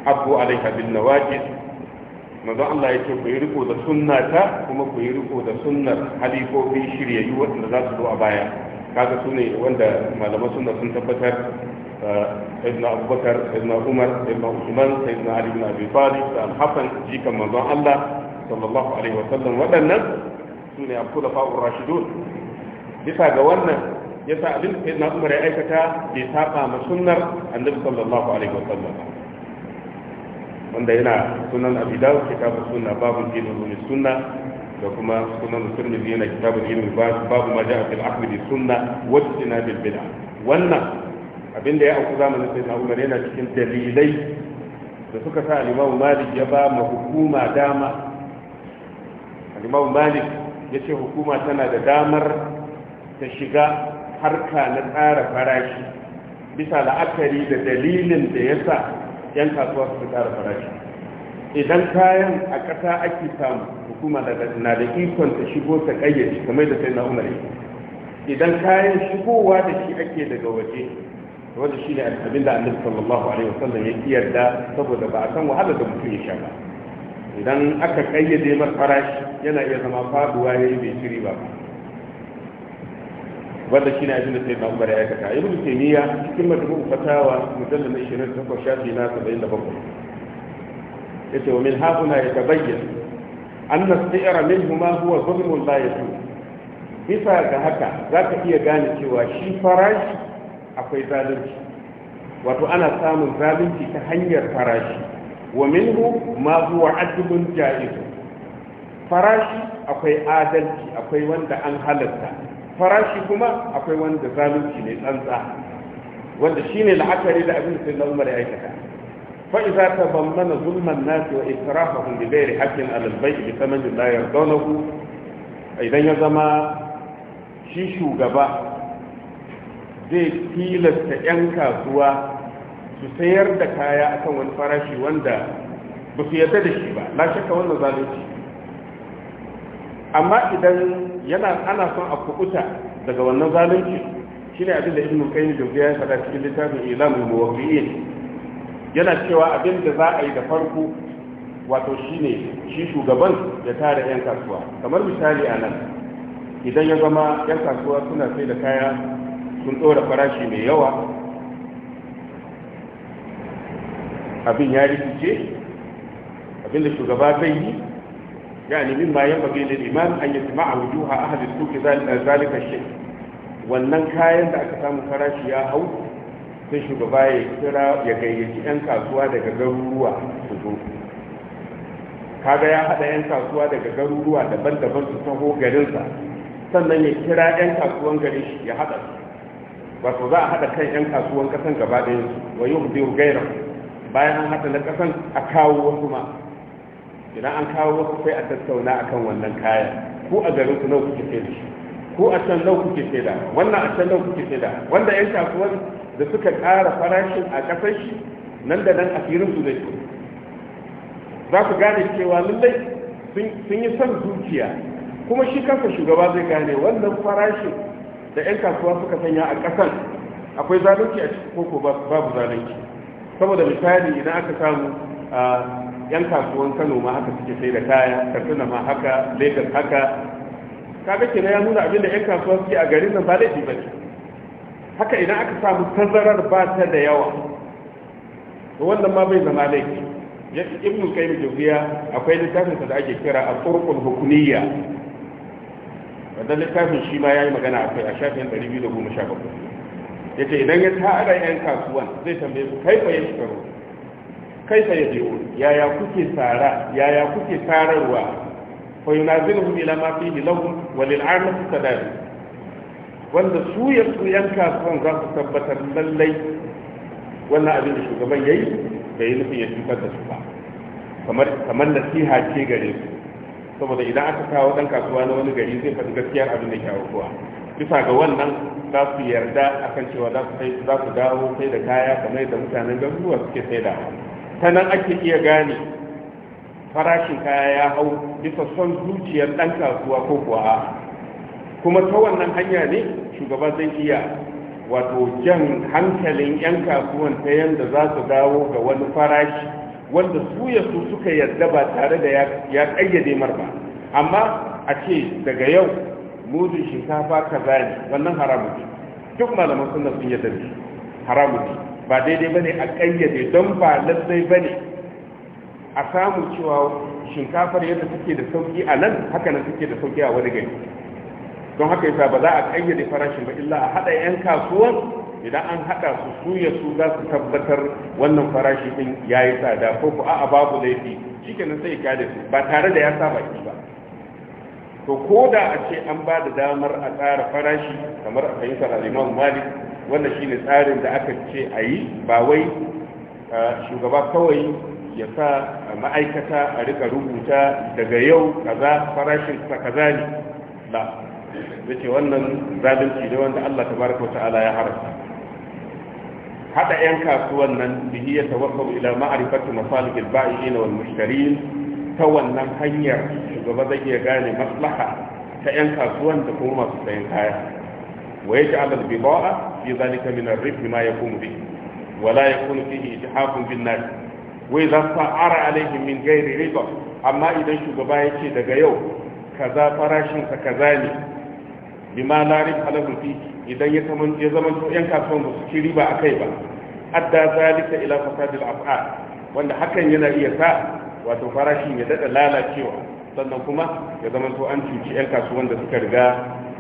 abu alaiha bin nawajid manzo Allah yake ku yi riko da sunnata kuma ku yi riko da sunnar halifofi shiryayyu wanda za su zo a baya kaga sune wanda malaman sunna sun tabbatar sayyidina abubakar sayyidina umar sayyidina usman sayyidina ali bin abi talib da al-hasan jikan manzon Allah sallallahu alaihi wasallam waɗannan su ne al-khulafa ar-rashidun ga wannan yasa abin sayyidina umar ya aikata bai saba ma annabi sallallahu alaihi wanda yana sunan abi dawud kitabu sunna babu dinu sunna da kuma sunan tirmidhi yana kitabul ilmi babu ma fil akhd sunna wa na bil wannan abinda ya auku zamanin sai na umar yana cikin dalilai da suka sa alimawu malik ya ba ma hukuma dama alimawu malik ya ce hukuma tana da damar ta shiga harka na tsara farashi bisa la'akari da dalilin da ya sa 'yan kasuwa su tsara farashi idan kayan a ƙasa ake samu hukuma na da ikon ta shigo ta ƙayyade kamar da sai na umar idan kayan shigowa da shi ake daga waje wanda shine abin da annabi sallallahu alaihi wasallam ya yarda saboda ba a san wahala da mutum ya sha ba idan aka kayyade mar farashi yana iya zama faduwa ya yi bai shiri ba wanda ne abin da sai na umar ya aikata ibn taymiya cikin majmu'u fatawa mujallal 28 shafi na 77 yace wa min hakuna yatabayyan anna as-si'ra minhuma huwa zulmun la yasur bisa ga haka zaka iya gane cewa shi farashi akwai zalunci wato ana samun zalunci ta hanyar farashi wa minhu ma huwa adlun jaiz farashi akwai adalci akwai wanda an halatta farashi kuma akwai wanda zalunci ne tsantsa wanda shine la'akari da abin sai Umar ya aikata fa idza tabammana zulman nas wa israfahum bi ghairi haqqin ala al-bay' bi thamanin la yardunahu idan ya zama shi shugaba zai tilasta 'yan kasuwa su sayar da kaya akan wani farashi wanda ba su yarda da shi ba na shakka wannan zalunci amma idan yana ana son a kukuta daga wannan zalunci ne abin da kai ne da ya faɗa cikin littafin ilamul muwaqqi'in yana cewa abin da za a yi da farko wato shi ne shi shugaban ya tara 'yan kasuwa kamar misali a nan idan ya zama 'yan kasuwa suna sai da kaya sun ɗora farashi mai yawa abin ya rikice abin da shugaba zai yi ya min ma yan bagi da imam an yasma a wujuha ahli suq eh, zalika shi wannan kayan da aka samu farashi ya hau sai shugaba ya kira ya gayyaci yan kasuwa daga garuruwa su zo kaga ya haɗa yan kasuwa daga garuruwa daban-daban su taho garinsa sannan ya kira yan kasuwan garin shi ya haɗa su wato za a haɗa kan 'yan kasuwan ƙasan gaba ɗaya wa yi hudu gaira bayan an haɗa na ƙasan a kawo wasu ma idan an kawo wasu sai a tattauna akan wannan kayan. ko a garin ku nawa kuke sai da ko a can nawa kuke sai da wannan a can nawa kuke sai da wanda 'yan kasuwan da suka ƙara farashin a ƙasar shi nan da nan a firin su zai za ku gane cewa lallai sun yi son zuciya kuma shi kansa shugaba zai gane wannan farashin da 'yan kasuwa suka sanya a ƙasan akwai zalunci a cikin koko babu zalunci saboda misali idan aka samu a 'yan kasuwan kano ma haka suke sai da kaya katsina ma haka lagos haka kaga kenan ya nuna abinda 'yan kasuwa suke a garin nan ba laifi ba ne haka idan aka samu tazarar ba ta da yawa wannan ma bai zama laifi ibn qayyim jawziya akwai littafinsa da ake kira al-turqul hukuniyya wadda littafin shi ma ya yi magana a kai a shafin 217 ya ce idan ya tara 'yan kasuwan zai tambaye su kai fa ya karo kai fa ya jero yaya kuke tsara yaya kuke tsararwa zina hudu ila ma fihi lahum arna lil amati sadaqah wanda su ya su yan kasuwan za su tabbatar lallai wannan abin da shugaban yi bai nufin ya cutar da su ba kamar kamar nasiha ce gare su saboda idan aka kawo dan kasuwa na wani gari zai faɗi gaskiya abin da ke kuwa. bisa ga wannan za su yarda akan cewa za su dawo sai da kaya kamar da mutanen garuruwa suke da ta nan ake iya gane farashin kaya ya hau bisa son zuciyar dan kasuwa ko kuwa kuma ta wannan hanya ne shugaba zai iya wato jan hankalin 'yan kasuwan ta yadda za su dawo ga wani farashi wanda su ya su suka yarda ba tare da ya ƙayyade mar ba amma a ce daga yau mudun shinkafa ka ne wannan haramun ne duk malaman sunna sun yarda ne haramun ne ba daidai bane a kayyade don ba lallai bane a samu cewa shinkafar yadda take da sauki a nan haka nan take da sauki a wani gari don haka yasa ba za a kayyade farashin ba illa a haɗa yan kasuwan idan an haɗa su su ya su za su tabbatar wannan farashi din ya yi tsada ko ku a'a babu laifi shikenan sai ya su ba tare da ya sa baki ba to ko da a ce an ba da damar a tsara farashi kamar a fahimtar al'imamu malik wannan shine tsarin da aka ce a yi ba wai shugaba kawai ya sa ma'aikata a rika rubuta daga yau kaza farashin sa kaza ne ba ce wannan zalunci ne wanda allah tabaraka wa ta'ala ya haramta hada yan kasuwan nan bihi ya tawakkau ila ma'rifati masalihil ba'i'in wal mushtarin ta wannan hanyar shugaba zai iya gane maslaha ta yan kasuwan da kuma masu sayan kaya wa yaj'al al bida'a fi zalika min ar ribh ma yakunu bihi wa la yakunu fihi ijhafun bin nas wa idza sa'ara alaihim min ghairi riba amma idan shugaba ya ce daga yau kaza farashinsa kaza ne bima la ribha lahu fihi idan ya zaman ya zama yan kasuwan ba su ci riba akai ba adda zalika ila fasadil Af'a. wanda hakan yana iya sa wato farashin ya dada lalacewa sannan kuma ya zama to an cuci yan kasuwan da suka riga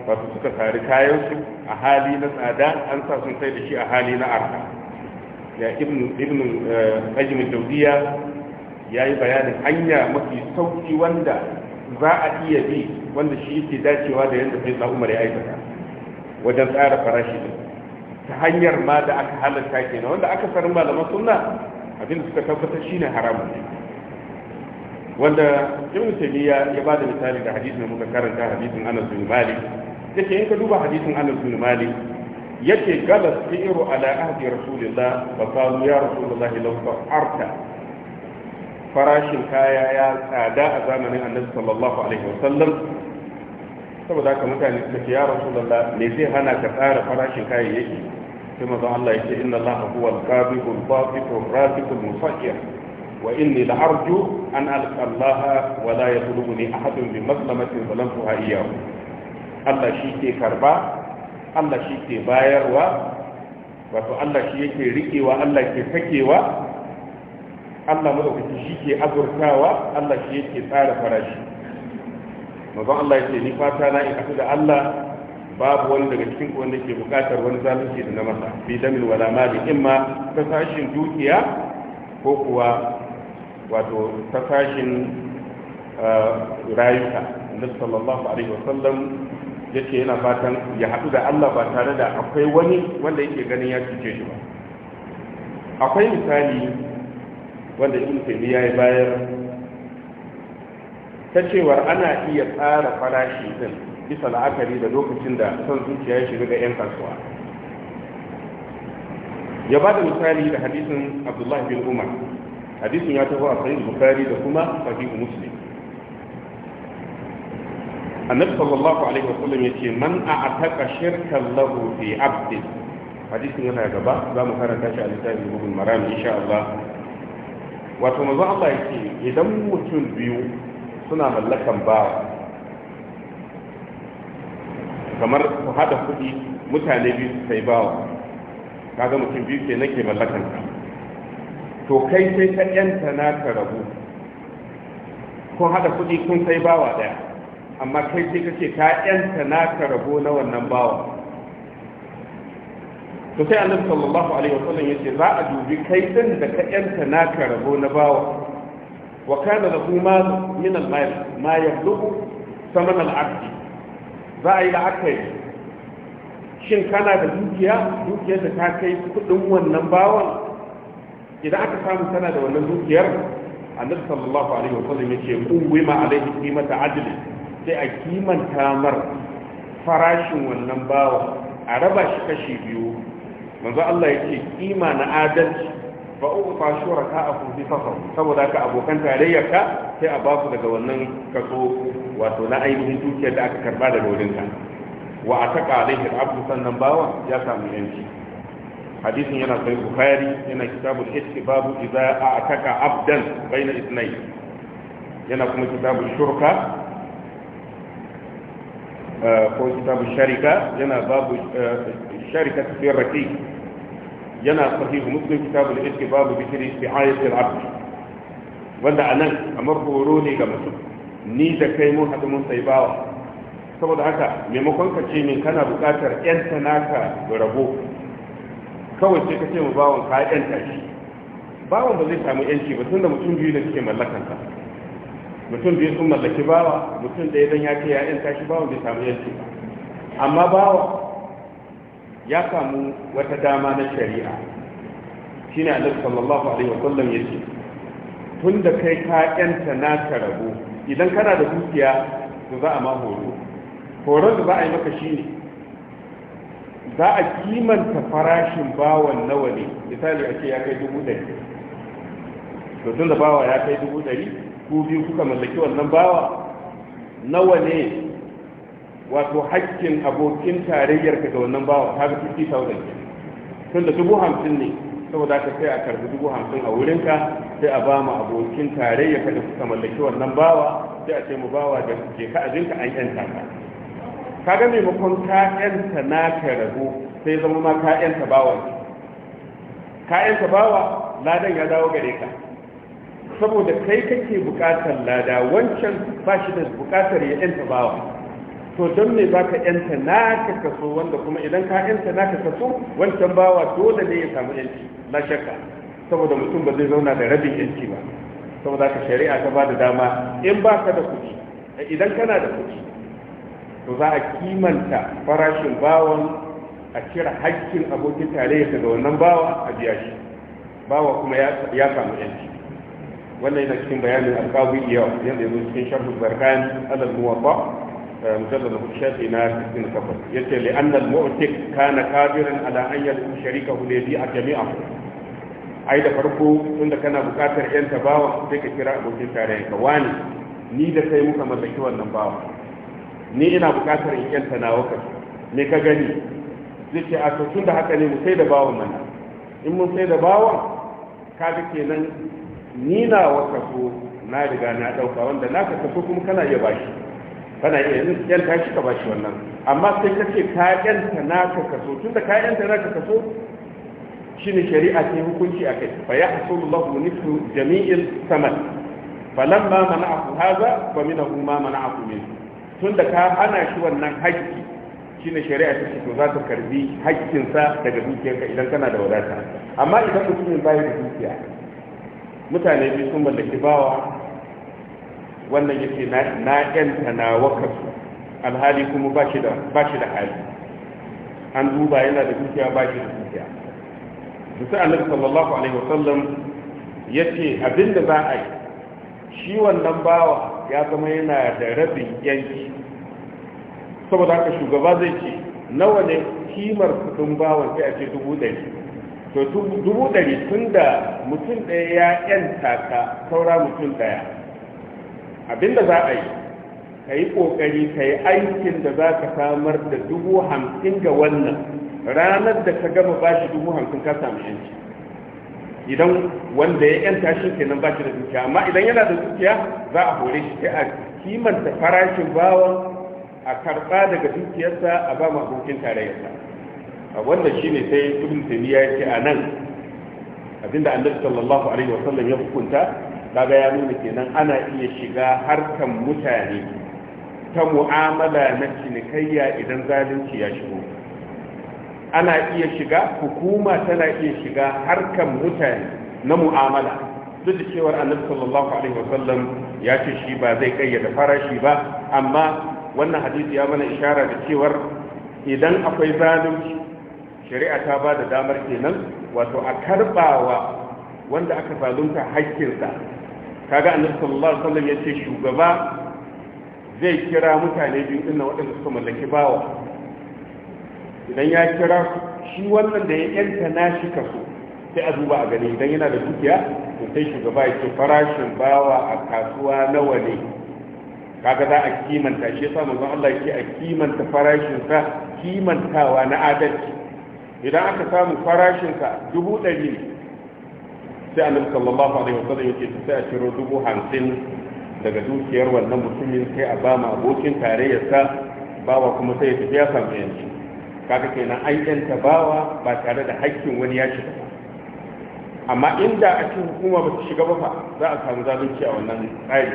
wato suka sari kayan su a hali na tsada an sa sun sai da shi a hali na arha ya ibn ibn eh, ajmi al yayi bayanin hanya mafi sauki wanda za a iya bi wanda shi yake dacewa da yadda sai Umar ya aikata wajen tsara farashi ta hanyar ma da aka halarta kenan wanda aka sarin malaman sunna abinda suka tabbatar shine haramun wanda ibn taymiya ya ba misali da hadisin da muka karanta hadisin Anas bin Malik Yake in ka duba hadisin Anas bin Malik yace galas iru ala ahdi rasulillah fa qalu ya rasulullah law ta'arta farashin kaya ya tsada a zamanin annabi sallallahu alaihi wasallam saboda haka mutane suka ce ya rasulullah me zai hana ka tsara farashin kayayyaki sai manzon Allah yake inna Allah huwa al-qabidu al-basitu al-raziqu al-musakir wa inni la'arju an alqa Allah wa la yatlubuni ahadun bi maslamatin zalamtuha iyyahu Allah shi ke karba Allah shi ke bayarwa wato Allah shi yake rikewa Allah ke sakewa Allah madaukaki shi ke azurtawa Allah shi yake tsara farashi mazan Allah ya ce ni fata na in da Allah babu wani daga cikin ku wanda ke bukatar wani zalunci da na masa fi damin wala mali in ma ta sashin dukiya ko kuwa wato ta sashin eh, rayuka annabi sallallahu alaihi wasallam ce yana fatan ya haɗu da Allah ba tare da akwai wani wanda yake ganin ya cuce shi ba akwai misali wanda ibn taymiya ya bayar ta cewar ana iya tsara farashi din bisa la'akari da lokacin da son zuciya ya shiga ga 'yan kasuwa ya ba da misali da hadisin abdullahi bin umar hadisin ya taho a sahih bukari da kuma sahih muslim annabi sallallahu alaihi wasallam ya ce man a'taka shirkan lahu fi abdin hadisin yana gaba za mu karanta shi a littafin bugun maram insha Allah wato manzo Allah yake idan mutum biyu suna mallakan bawa kamar ku haɗa kuɗi mutane biyu su kai bawa kaga mutum biyu ke nake mallakan ka to kai sai ka yanta ka rabu kun haɗa kuɗi kun sai bawa ɗaya amma kai sai ka ce ka yanta ka rabu na wannan bawa to sai annabi sallallahu alaihi wasallam yace za a dubi kai din da ka yanta ka rabu na bawa wa kana kuma ma min al-mal ma yablugu saman al-abd za a yi la'akari shin kana da dukiya dukiyar ta kai kuɗin wannan bawan idan aka samu kana da wannan dukiyar annabi sallallahu alaihi wa sallam yace kuwima alaihi qimata adli sai a kimanta mar farashin wannan bawa a raba shi kashi biyu manzo Allah yace kima na adalci ba uku fa shura ka a kun fasahu saboda ka abokan tarayyar sai a basu daga wannan kaso wato na ainihin dukiyar da aka karba daga wurin ka wa ataka alaihi abdu sannan bawa ya samu yanci hadisin yana sai bukhari yana kitabu itti babu a ataka abdan baina ithnayn yana kuma kitabu shurka eh, ko kitabu sharika yana babu eh, sharika fi raqiq yana sahihu muslim kitabul iske babu bikiri bi'ayatul abd wanda anan amar horo ne ga mutum ni da kai mun hadu mun sai bawa saboda haka maimakon ka ce min kana buƙatar ƴanta naka rabo kawai sai ka ce mu bawon ka ƴanta shi bawan ba zai samu yanci ba tunda mutum biyu ne suke mallakansa mutum biyu sun mallaki bawa mutum ɗaya dan ya ce ya ƴanta shi bawan bai samu yanci ba amma bawa ya samu wata dama na shari'a shine annabi sallallahu alaihi wasallam yace tun da kai ka yanta naka rabo idan kana da dukiya to za a ma horo horon da za a yi maka shi ne. za a kimanta farashin bawan nawa ne misali a ce ya kai dubu ɗari to tun da bawa ya kai dubu ɗari ku biyu kuka mallaki wannan bawa nawa ne wato hakkin abokin tarayyar ka ga wannan bawa ta ga 50,000 tun da dubu hamsin ne saboda ka sai a karbi dubu hamsin a wurinka sai a ba mu abokin tarayyar ka da kuka mallaki wannan bawa sai a ce mu bawa da kuke ka jinka an yanta ka ga maimakon ka yanta ka rago sai zama ma ka yanta bawa ka yanta bawa ladan ya dawo gare ka saboda kai kake bukatar lada wancan ba shi da bukatar ya yanta bawa to don me ba ka yanta naka kaso wanda kuma idan ka yanta naka kaso wancan bawa dole ne ya samu yanci na shakka saboda mutum ba zai zauna da rabin yanci ba saboda ka shari'a ta ba da dama in ba ka da kuɗi idan kana da kuɗi to za a kimanta farashin bawan a cire hakkin abokin tarayya daga wannan bawa a biya shi bawa kuma ya samu yanci wannan yana cikin bayanin alƙawiyya yadda ya zo cikin shafin barkani, alal muwaffa mujallar الشافعي shafi na كفر ya ce li'annal كان kana على ala an yadu sharika جميعا a jami'a ai da farko tunda kana bukatar yan tabawa sai ka kira abokin tarayya ka wani ni da muka wannan bawa ni ina in me ka gani zai ce a tun da haka ne mu sai da bawa mana in mun sai da Ka kaga kenan ni na ko na riga na dauka wanda naka kaso kuma kana iya shi? kana iya yin ta shi ka bashi wannan amma sai ka ce ka yanta naka kaso tun da ka yanta naka kaso shine shari'a ce hukunci a kai fa ya lahu nisfu jami'il saman falamma mana'ahu hadha fa minahu ma mana'ahu min tun da ka ana shi wannan haƙƙi shine shari'a ta ce to za ta karbi haƙƙinsa daga dukiyarka idan kana da wadata amma idan mutumin baya da dukiya mutane biyu sun mallaki bawa wannan yake na yanta na wakarsu. alhali kuma ba shi da hali an duba yana da dukiya ba shi da dukiya dusa annabi sallallahu alaihi wasallam abin da za a yi shi wannan bawa ya zama yana da rabin yanki saboda haka shugaba zai ce nawa ne kimar kudin bawan sai a ce dubu ɗari to dubu ɗari tun da mutum ɗaya ya yanta ka saura mutum ɗaya abinda za a yi ka yi ƙoƙari ka yi aikin da za ka samar da dubu hamsin ga wannan ranar da ka gama ba shi dubu hamsin ka samu yanci idan wanda ya yanta shi kenan ba shi da dukiya amma idan yana da dukiya za a hore shi sai a kimanta farashin bawan a karɓa daga dukiyarsa a ba mu abokin tarayyarsa a wannan shi ne sai ibn taymiya ya ce a nan abinda annabi sallallahu alaihi wasallam ya hukunta kaga ya nuna kenan ana iya shiga harkan mutane ta mu'amala na cinikayya idan zalunci ya shigo ana iya shiga hukuma tana iya shiga harkan mutane na mu'amala duk da cewar annabi sallallahu alaihi wasallam ya ce shi ba zai kayyada farashi ba amma wannan hadisi ya mana ishara da cewar idan akwai zalunci shari'a ta ba da damar kenan wato a karbawa wanda aka zalunta haƙƙinsa kaga annabi sallallahu alaihi wasallam yace shugaba zai kira mutane biyu din waɗanda suka mallaki bawa idan ya kira shi wannan da ya yanta nashi kaso sai a duba a gani idan yana da dukiya to sai shugaba ya ce farashin bawa a kasuwa nawa ne kaga za a kimanta shi yasa manzon Allah yake a kimanta farashin sa kimantawa na adalci idan aka samu farashin sa dubu ɗari ne sai annabi sallallahu alaihi wasallam yake sai a ciro dubu hamsin daga dukiyar wannan mutumin sai a ba ma abokin tarayyarsa bawa kuma sai ya tafi ya samu yanci kaga kenan an yanta bawa ba tare da haƙƙin wani ya shiga ba amma inda a cikin hukuma ba ta shiga ba fa za a samu zalunci a wannan tsari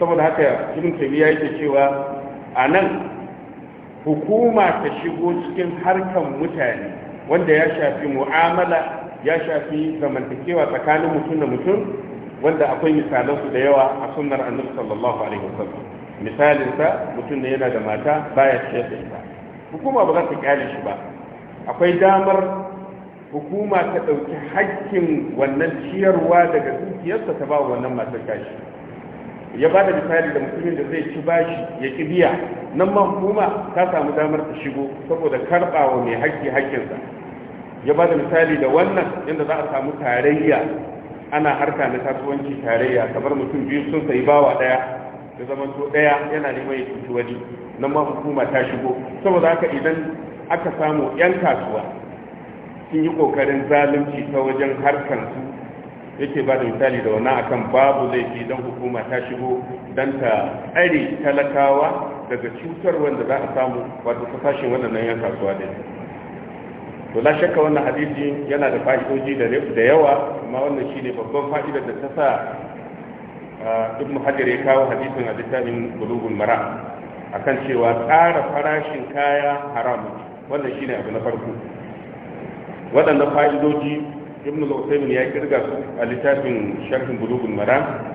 saboda haka ibn taymiya yake cewa a nan hukuma ta shigo cikin harkan mutane wanda ya shafi mu'amala ya shafi zamantakewa tsakanin mutum da mutum wanda akwai misalansu da yawa a sunnar annabi sallallahu alaihi wasallam misalinsa mutum ne yana da mata baya ce da ita hukuma ba za ta kyale shi ba akwai damar hukuma ta ɗauki hakkin wannan ciyarwa daga dukiyarsa ta ba wannan matar kashi ya ba da misali da mutumin da zai ci bashi ya ki biya nan ma hukuma ta samu damar ta shigo saboda karɓawa mai hakki hakkinsa ya ba da misali da wannan yadda za a samu tarayya ana harka na kasuwanci tarayya kamar mutum biyu sun sayi bawa daya ya zama to daya yana neman ya cuci wani nan ma hukuma ta shigo saboda haka idan aka samu yan kasuwa sun yi kokarin zalunci ta wajen harkar su yake ba da misali da wannan akan babu laifi dan hukuma ta shigo dan ta tsare talakawa daga cutar wanda za a samu wato ta fashin wannan yan kasuwa da to la shakka wannan hadisi yana da fa'idoji da yawa amma wannan shine babban fa'idar da ta sa ibnu hajar ya kawo hadisin a littafin bulugul mara akan cewa tsara farashin kaya haram, wannan shine abu na farko waɗannan fa'idoji ibnu al ya kirga su a littafin sharhin bulugul mara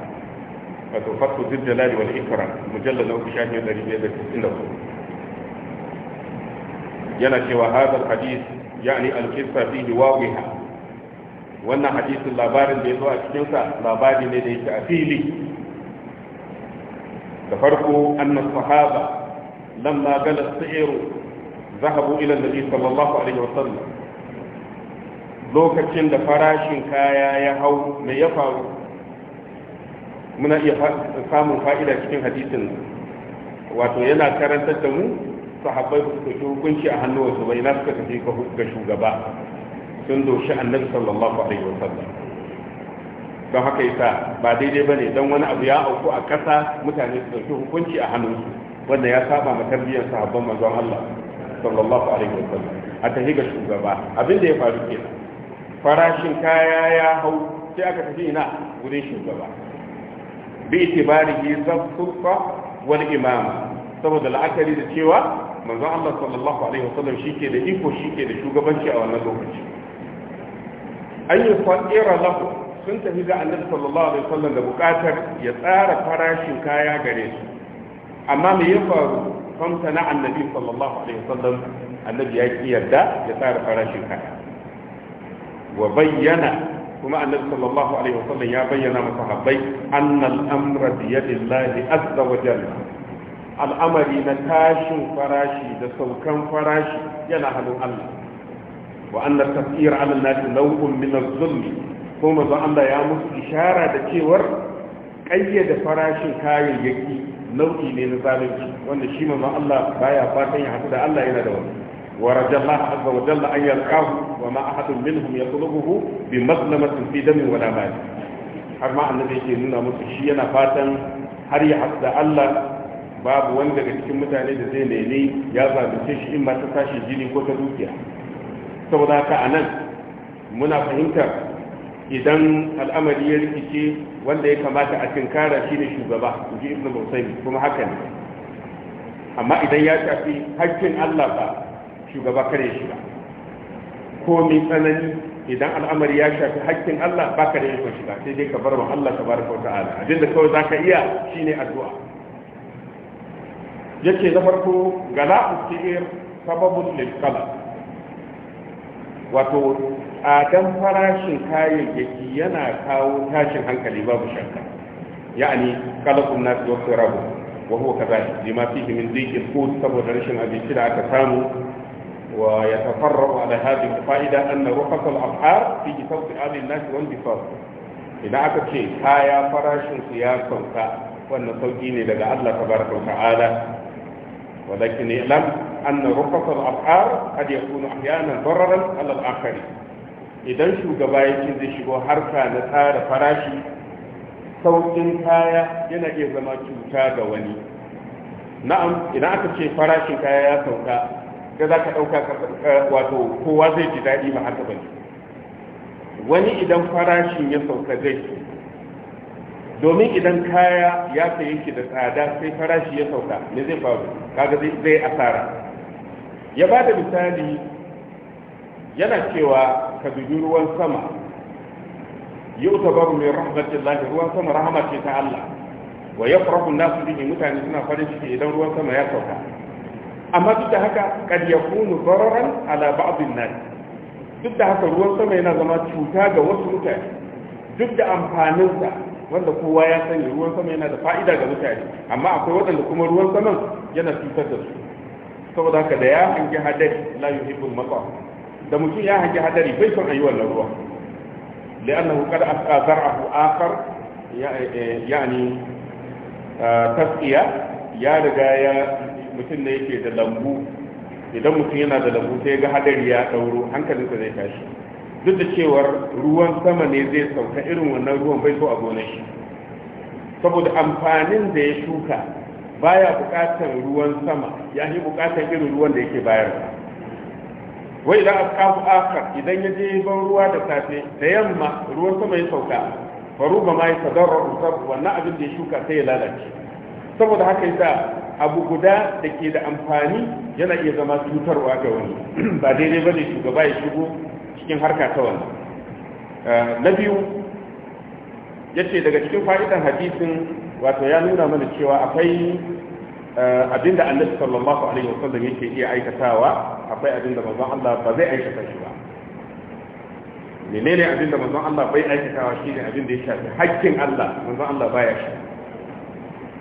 wato fatu dijjalali wal ikram mujallal na uku shafi 194 yana cewa hadal hadisi yani al-qissa fihi wawiha wannan hadisin labarin da ya zo a cikinsa labari ne da yake a fili da farko annan sahaba lamma gala sa'iru zahabu ila nabi sallallahu alaihi wasallam lokacin da farashin kaya ya hau mai ya faru muna iya samun fa'ida cikin hadisin wato yana karantar da mu sahabbai ba su ɗauki hukunci a hannuwansu bai na suka tafi ga shugaba sun doshi annabi sallallahu alaihi wa sallam don haka yasa ba daidai bane don wani abu ya auku a ƙasa mutane su ɗauki hukunci a su. wanda ya saba ma tarbiyyar sahabban manzon Allah sallallahu alaihi wa sallam a tafi ga shugaba Abinda ya faru kenan farashin kaya ya hau sai aka tafi ina wurin shugaba bi itibarihi zabtuqa wal imama saboda la'akari da cewa manzon Allah sallallahu alaihi wasallam shike da iko shike da shugabanci a wannan lokaci an yi fa'ira lahu sun tafi ga annabi sallallahu alaihi wasallam da bukatar ya tsara farashin kaya gare su amma me ya faru famta na annabi sallallahu alaihi wasallam annabi ya ki yarda ya tsara farashin kaya wa bayyana kuma annabi sallallahu alaihi wasallam ya bayyana masahabbai annal amra bi yadillahi azza wa jalla al'amari na tashin farashi da saukan farashi yana hannun Allah wa anna tafiyar ala nasi nau'un min az-zulm ko manzo Allah ya musu ishara da cewar kayyade farashin kayan kayayyaki nau'i ne na zalunci wanda shi manzo Allah baya fatan ya haɗu da Allah yana da wani ورجى الله عز وجل أن يلقاه وما أحد منهم يطلبه بمظلمة في دم ولا مال har ma annabi yake nuna musu shi yana fatan har ya da Allah babu wani daga cikin mutane da zai nemi ya zalunce shi in ma ta tashi jini ko ta dukiya saboda haka a nan muna fahimtar idan al'amari ya rikice wanda ya kamata a tinkara shi ne shugaba ji ibn musaimi kuma haka ne amma idan ya shafi haƙƙin allah ba shugaba kare shi ba ko mai tsanani idan al'amari ya shafi haƙƙin allah ba kare shi ba sai dai ka bar wa allah tabaraka wa ta'ala abinda kawai zaka iya shine addu'a yake na farko gala ustiir sababun lilkala wato tsadan farashin kayayyaki yana kawo tashin hankali babu shakka ya'ani kalakun nasu wasu rabu wa huwa kazalik lima fihi min dhiqil ko saboda rashin abinci da aka samu wa ya yatafarra'u ala hadhihi al-fa'ida anna rukhas al-af'ar fi tawfi'al an-nas wal bisar idan aka ce kaya farashin su ya sauka wannan sauki ne daga Allah tabaraka wa ta'ala ولكن اعلم أن رخص الأسعار قد يكون أحيانا ضررا على الآخرين idan shugaba ya ce zai shigo harka na tsara farashi sauƙin kaya yana iya zama cuta ga wani na'am idan aka ce farashin kaya ya sauka ga za ka ɗauka wato kowa zai ji daɗi ba haka ba wani idan farashin ya sauka zai domin idan kaya ya sayi shi da tsada sai farashi ya sauka ne zai faru kaga zai asara ya ba da misali yana cewa ka dubi ruwan sama yi utabaru mai rahmatin lahi ruwan sama rahama ce ta Allah wa ya faru nasu bihi mutane suna farin ciki idan ruwan sama ya sauka amma duk da haka kad yakunu dararan ala ba'd an-nas duk da haka ruwan sama yana zama cuta ga wasu mutane duk da amfaninsa wanda kowa ya sani ruwan sama yana da fa'ida ga mutane amma akwai waɗanda kuma ruwan saman yana cutar da su saboda haka da ya hangi hadari la yuhibbul mata da mutum ya hangi hadari bai son ayi wannan ruwa li'annahu qad asqa zar'ahu akhar eh, yani eh, tasqiya ya riga ya mutum ne yake da lambu idan mutum yana da lambu sai ga hadari ya dauro hankalinsa zai tashi duk da cewar ruwan sama ne zai sauka irin wannan ruwan bai so a gonar shi saboda amfanin da ya shuka baya bukatar ruwan sama ya yi bukatar irin ruwan da yake bayar. wai idan aka akar idan ya je ban ruwa da safe da yamma ruwan sama ya sauka faru ba ma ya sadarra wannan abin da ya shuka sai ya lalace saboda haka yasa abu guda da ke da amfani yana iya zama cutarwa ga wani ba daidai ba ne shugaba ya shigo cikin harka ta wannan eh, na biyu ya ce daga cikin fa'idan hadisin wato ya nuna mana cewa akwai eh, abinda annabi sallallahu alaihi wasallam yake iya aikatawa akwai abinda manzon Allah ba zai aikata shi ba menene abinda manzon Allah bai aikatawa shine abinda ya shafi haƙƙin Allah manzon Allah baya shi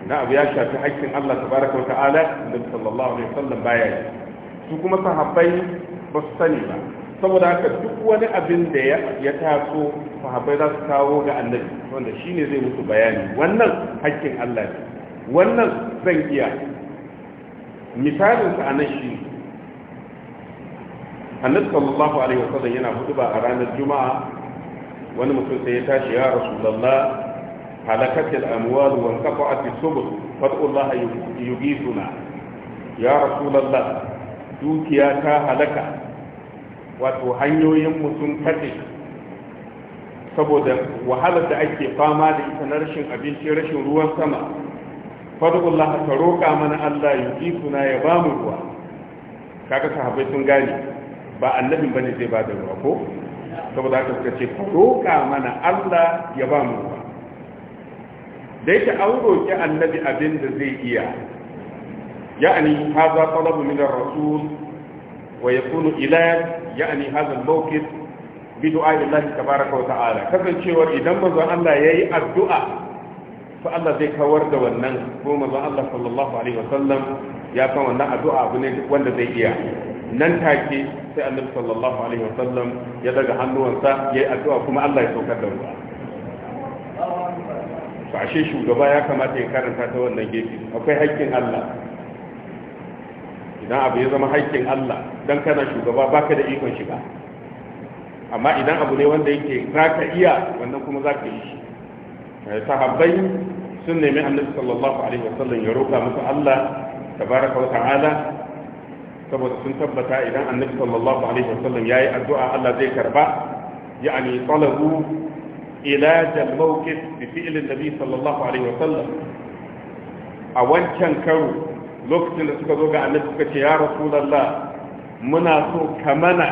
na abu ya shafi haƙƙin Allah tabaraka wa ta'ala annabi sallallahu alaihi sallam, baya shi su kuma sahabbai ba su sani ba saboda haka duk wani abin da ya taso sahabbai za su kawo ga annabi wanda shine zai musu bayani wannan hakkin Allah ne wannan zan iya misalin sa anan shi annabi sallallahu alaihi wasallam yana hutuba a ranar juma'a wani mutum sai ya tashi ya rasulullah halakat al-amwal wa inqata'at as-subul fad'ullaha yughithuna ya rasulullah dukiya ta halaka wato hanyoyinmu sun kaɗe saboda wahalar da ake fama da ita na rashin abinci rashin ruwan sama fadullah ka roƙa mana Allah ya yi suna ya ba mu ruwa kaga sahabbai sun gane ba annabin bane zai ba da ruwa ko saboda haka suka ce ka roƙa mana Allah ya ba mu ruwa da yake an roƙi annabi abin da zai iya ya'ani haza talabu min ar-rasul ويكون إلى يعني هذا الموقف بدعاء الله تبارك وتعالى كفن شوار إذا مزا الله يأي الدعاء فالله زي كورد والنن هو مزا الله صلى الله عليه وسلم يا فوانا الدعاء وانا زي إياه nan take sai annabi sallallahu ya daga hannuwansa yayi addu'a kuma Allah ya saukar da ruwa to ashe shugaba ya kamata ya karanta ta wannan gefe akwai hakkin Allah idan abu ya zama haƙƙin Allah dan kana shugaba baka da ikon shiga amma idan abu ne wanda yake zaka iya wannan kuma zaka yi shi eh, sahabbai sun nemi annabi sallallahu alaihi wasallam ya roka musu Allah tabaraka wa ta'ala saboda sun tabbata idan annabi sallallahu alaihi wasallam yayi addu'a Allah zai karba yani talabu ilaj al-mawqif bi fi'l an-nabi sallallahu alaihi wasallam a wancan karo lokacin da suka zo ga annabi suka ce ya rasulullah muna so ka mana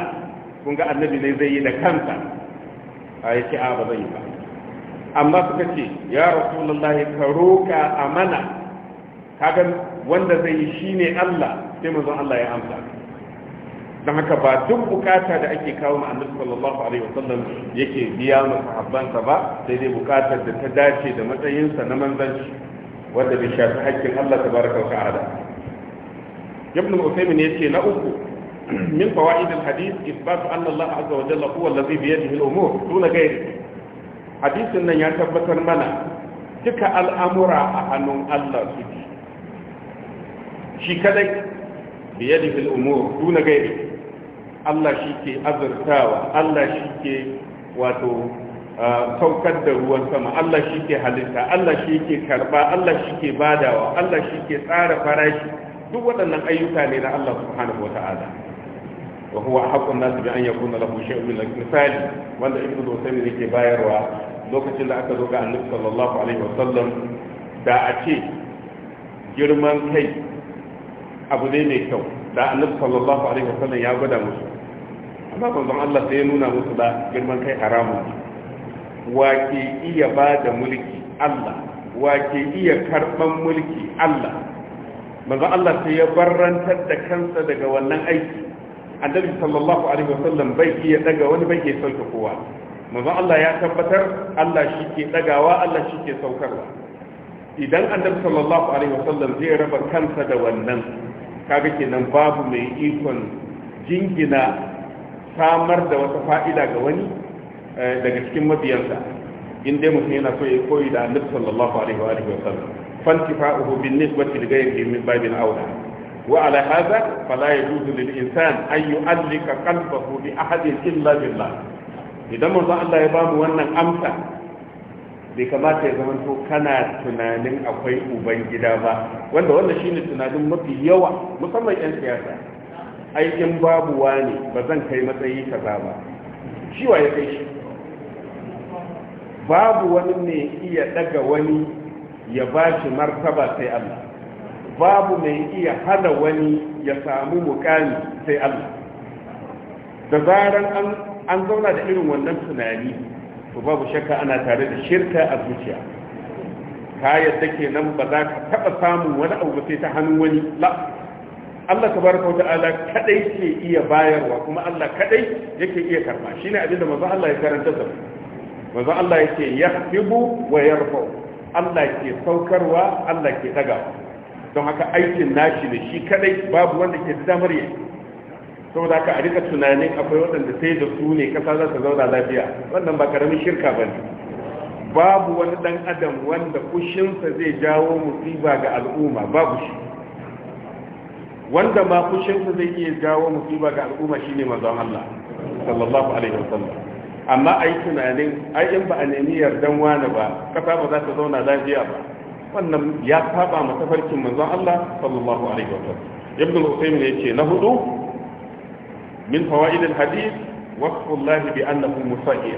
kun ga annabi ne zai yi da kanta. a ya ce a ba zai yi ba amma suka ce ya rasulullah ka roƙa a mana kaga wanda zai yi shine Allah sai manzon Allah ya amsa don haka ba duk bukata da ake kawo ma annabi sallallahu alaihi wasallam yake biya ma sahabbansa ba sai dai bukatar da ta dace da matsayinsa na manzanci wanda bai shafi haƙƙin Allah tabaraka wa ta'ala ibn ya ce na uku min fawaid al-hadith isbat anna Allah azza wa jalla huwa alladhi bi yadihi al-umur duna ghairi hadisin nan ya tabbatar mana duka al'amura a hannun Allah suke shi kadai bi yadihi umur Allah shi ke azurtawa Allah shi ke wato saukar da ruwan sama Allah shi ke halitta Allah shi ke karba Allah shi ke badawa Allah shi ke tsara farashi duk waɗannan ayyuka ne na Allah subhanahu wa ta'ala wa huwa haqqun nas bi an yakuna lahu shay'un min misali wanda ibnu dawsani yake bayarwa lokacin da aka zo ga annabi sallallahu alaihi wa sallam da a ce girman kai abu ne mai kyau da annabi sallallahu alaihi wa sallam ya gwada musu amma manzon Allah sai ya nuna musu da girman kai haramun wa ke iya ba da mulki Allah wa ke iya karɓan mulki Allah manzo Allah sai ya barrantar da kansa daga wannan aiki annabi sallallahu alaihi wasallam bai iya daga wani bai iya sauka kowa manzo Allah ya tabbatar Allah shi ke dagawa Allah shi ke saukarwa idan annabi sallallahu alaihi wasallam zai raba kansa da wannan kaga kenan babu mai ikon jingina samar da wata fa'ida ga wani eh, daga cikin mabiyansa in dai mutum yana so ya koyi da annabi sallallahu alaihi wasallam wa sallam فانتفاؤه بالنسبة لغيره من باب أولى وعلى هذا فلا يجوز للإنسان أن يؤلك قلبه لأحد إلا بالله إذا ما الله يبام وأن أمسى bai kamata ya zamanto kana tunanin akwai uban gida ba wanda wannan shine tunanin mafi yawa musamman 'yan siyasa Aikin in babu ba zan kai matsayi kaza ba shi wa ya kai shi babu wani ne iya daga wani ya ba shi martaba sai Allah babu mai iya hana wani ya samu mukami sai Allah da zaran an zauna da irin wannan tunani to babu shakka ana tare da shirka a zuciya ka yadda kenan ba za ka taɓa samun wani abu sai ta hannun wani la Allah tabaraka wata'ala kadai ke iya bayarwa kuma Allah kadai yake iya karɓa. shine abin manzo Allah ya karanta da manzo Allah yake yahdibu wa yarfa'u Allah ke saukarwa Allah ke daga don haka aikin nashi ne shi kadai babu wanda ke damar yi saboda haka a rika tunanin akwai waɗanda sai da su ne kasa za ta zauna lafiya wannan ba karamin shirka ba ne babu wani dan adam wanda kushinsa zai jawo musiba ga al'umma babu shi wanda ma kushinsa zai iya jawo musiba ga al'umma shine manzon Allah sallallahu alaihi wasallam amma a yi tunanin ai in ba a nemi yardan wani ba kasa ba za ta zauna lafiya ba wannan ya saba ma tafarkin manzon Allah sallallahu alaihi wa sallam ibn al-Usaymin yace na hudu min fawaid al-hadith waqfu Allah bi annahu musahih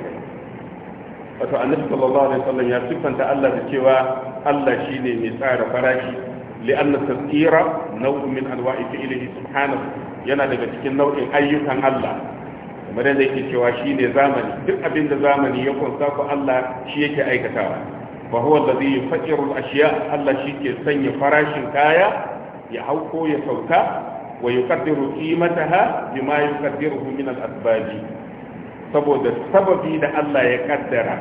wato annabi sallallahu alaihi wa sallam ya sifanta Allah da cewa Allah shine mai tsara farashi لأن التذكير نوع من أنواع فعله سبحانه yana daga cikin nau'in ayyukan Allah kamar yadda yake cewa shi ne zamani duk abin da zamani ya kunsa ku Allah shi yake aikatawa fa huwa allazi yufaqiru al-ashya Allah shi ke sanya farashin kaya ya hauko ya sauka wa yuqaddiru qimataha bima yuqaddiruhu min al-asbabi saboda sababi da Allah ya kaddara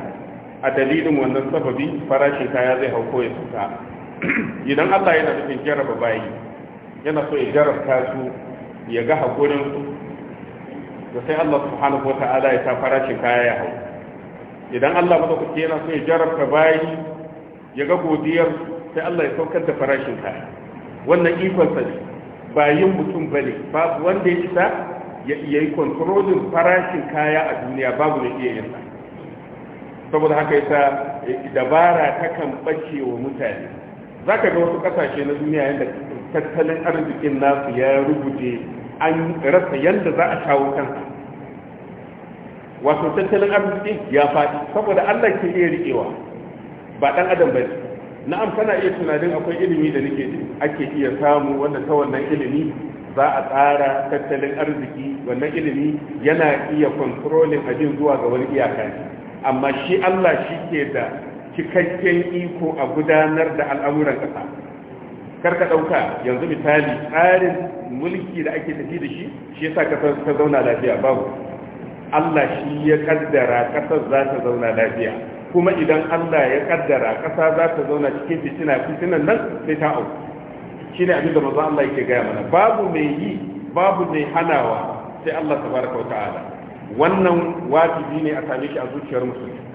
a dalilin wannan sababi farashin kaya zai hauko ya sauka idan Allah yana nufin jaraba bayi yana so ya jarrabta su ya ga hakurin su da sai Allah subhanahu wa ta'ala ya tafara farashin kaya ya hau idan Allah kuke yana so ya jarabta bayi ya ga godiyar sai Allah ya saukar da farashin kaya wannan ikon sa ne bayin mutum bane babu wanda ya isa ya yi kontrolin farashin kaya a duniya babu da iya yin saboda haka yasa eh, dabara ta kan bace wa mutane zaka ga wasu kasashe na duniya yadda tattalin arzikin nasu ya rubuce an rasa yadda za a shawo kansa wato tattalin arziki ya faɗi saboda Allah ke iya riƙewa ba ɗan adam ba na'am kana iya tunanin akwai ilimi da nake ake iya samu wanda ta wannan ilimi za a tsara tattalin arziki wannan ilimi yana iya kontrolin abin zuwa ga wani iyaka ne amma shi Allah shi ke da cikakken iko a gudanar da al'amuran ƙasa karka ɗauka yanzu misali tsarin mulki da ake tafi da shi shi yasa kasar ta zauna lafiya babu Allah shi ya kaddara kasar za ta zauna lafiya kuma idan Allah ya kaddara kasa za ta zauna cikin fitina fitinan nan sai ta auku ne abin da manzo Allah yake gaya mana babu mai yi babu mai hanawa sai Allah ta baraka wa ta'ala wannan wajibi ne a sami shi a zuciyar musulmi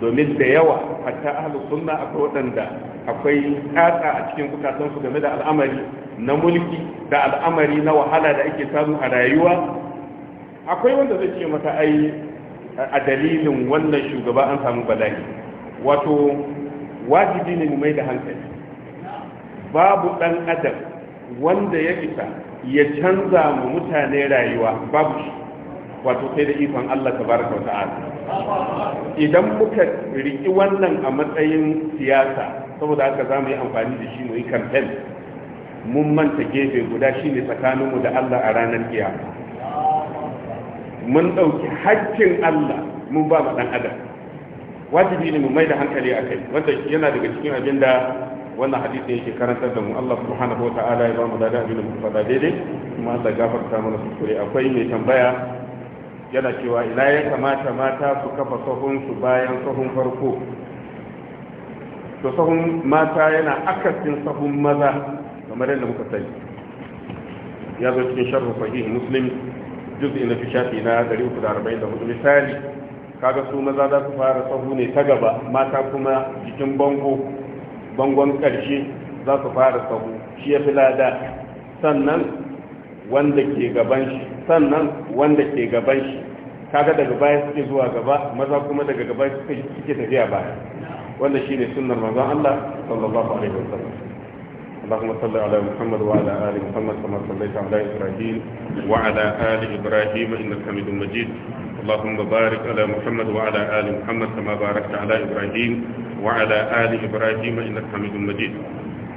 domin da yawa hatta ahlus sunna akwai waɗanda akwai katsa a cikin su game da al'amari na mulki da al'amari na wahala da ake samu a rayuwa akwai wanda zai ce mata ai a dalilin wannan shugaba an samu bala'i wato wajibi ne mu mai da hankali babu dan adam wanda ya isa ya canza mu mutane rayuwa babu shi wato sai da ikon Allah tabaraka wa ta'ala idan muka riki wannan a matsayin siyasa saboda haka za mu yi amfani da shi mu yi kamfen mun manta gefe guda shi ne tsakaninmu da Allah a ranar kiyama mun ɗauki hakkin Allah mun ba mu ɗan adam wajibi ne mu mai da hankali a kai wanda yana daga cikin abin da wannan hadisi yake karantar da mu Allah subhanahu wa ta'ala ya ba mu da abin da mu faɗa daidai kuma Allah gafarta mana kuskure akwai mai tambaya yana cewa ina ya kamata mata su kafa sahunsu bayan sahun farko to sahun mata yana akasin sahun maza kamar yadda muka sani ya zo cikin sharhu sahih muslim juz'i na shafi na 344 misali kaga su maza za su fara sahu ne ta gaba mata kuma jikin bango bangon karshe za su fara sahu shi ya fi lada sannan wanda ke gaban shi sannan wanda ke gaban shi kaga daga baya suke zuwa gaba maza kuma daga gaba suke tafiya baya wanda shine sunnar manzon Allah sallallahu alaihi wasallam اللهم صل على محمد وعلى ال محمد كما صليت على ابراهيم وعلى ال ابراهيم انك حميد مجيد اللهم بارك على محمد وعلى ال محمد كما باركت على ابراهيم وعلى ال ابراهيم انك حميد مجيد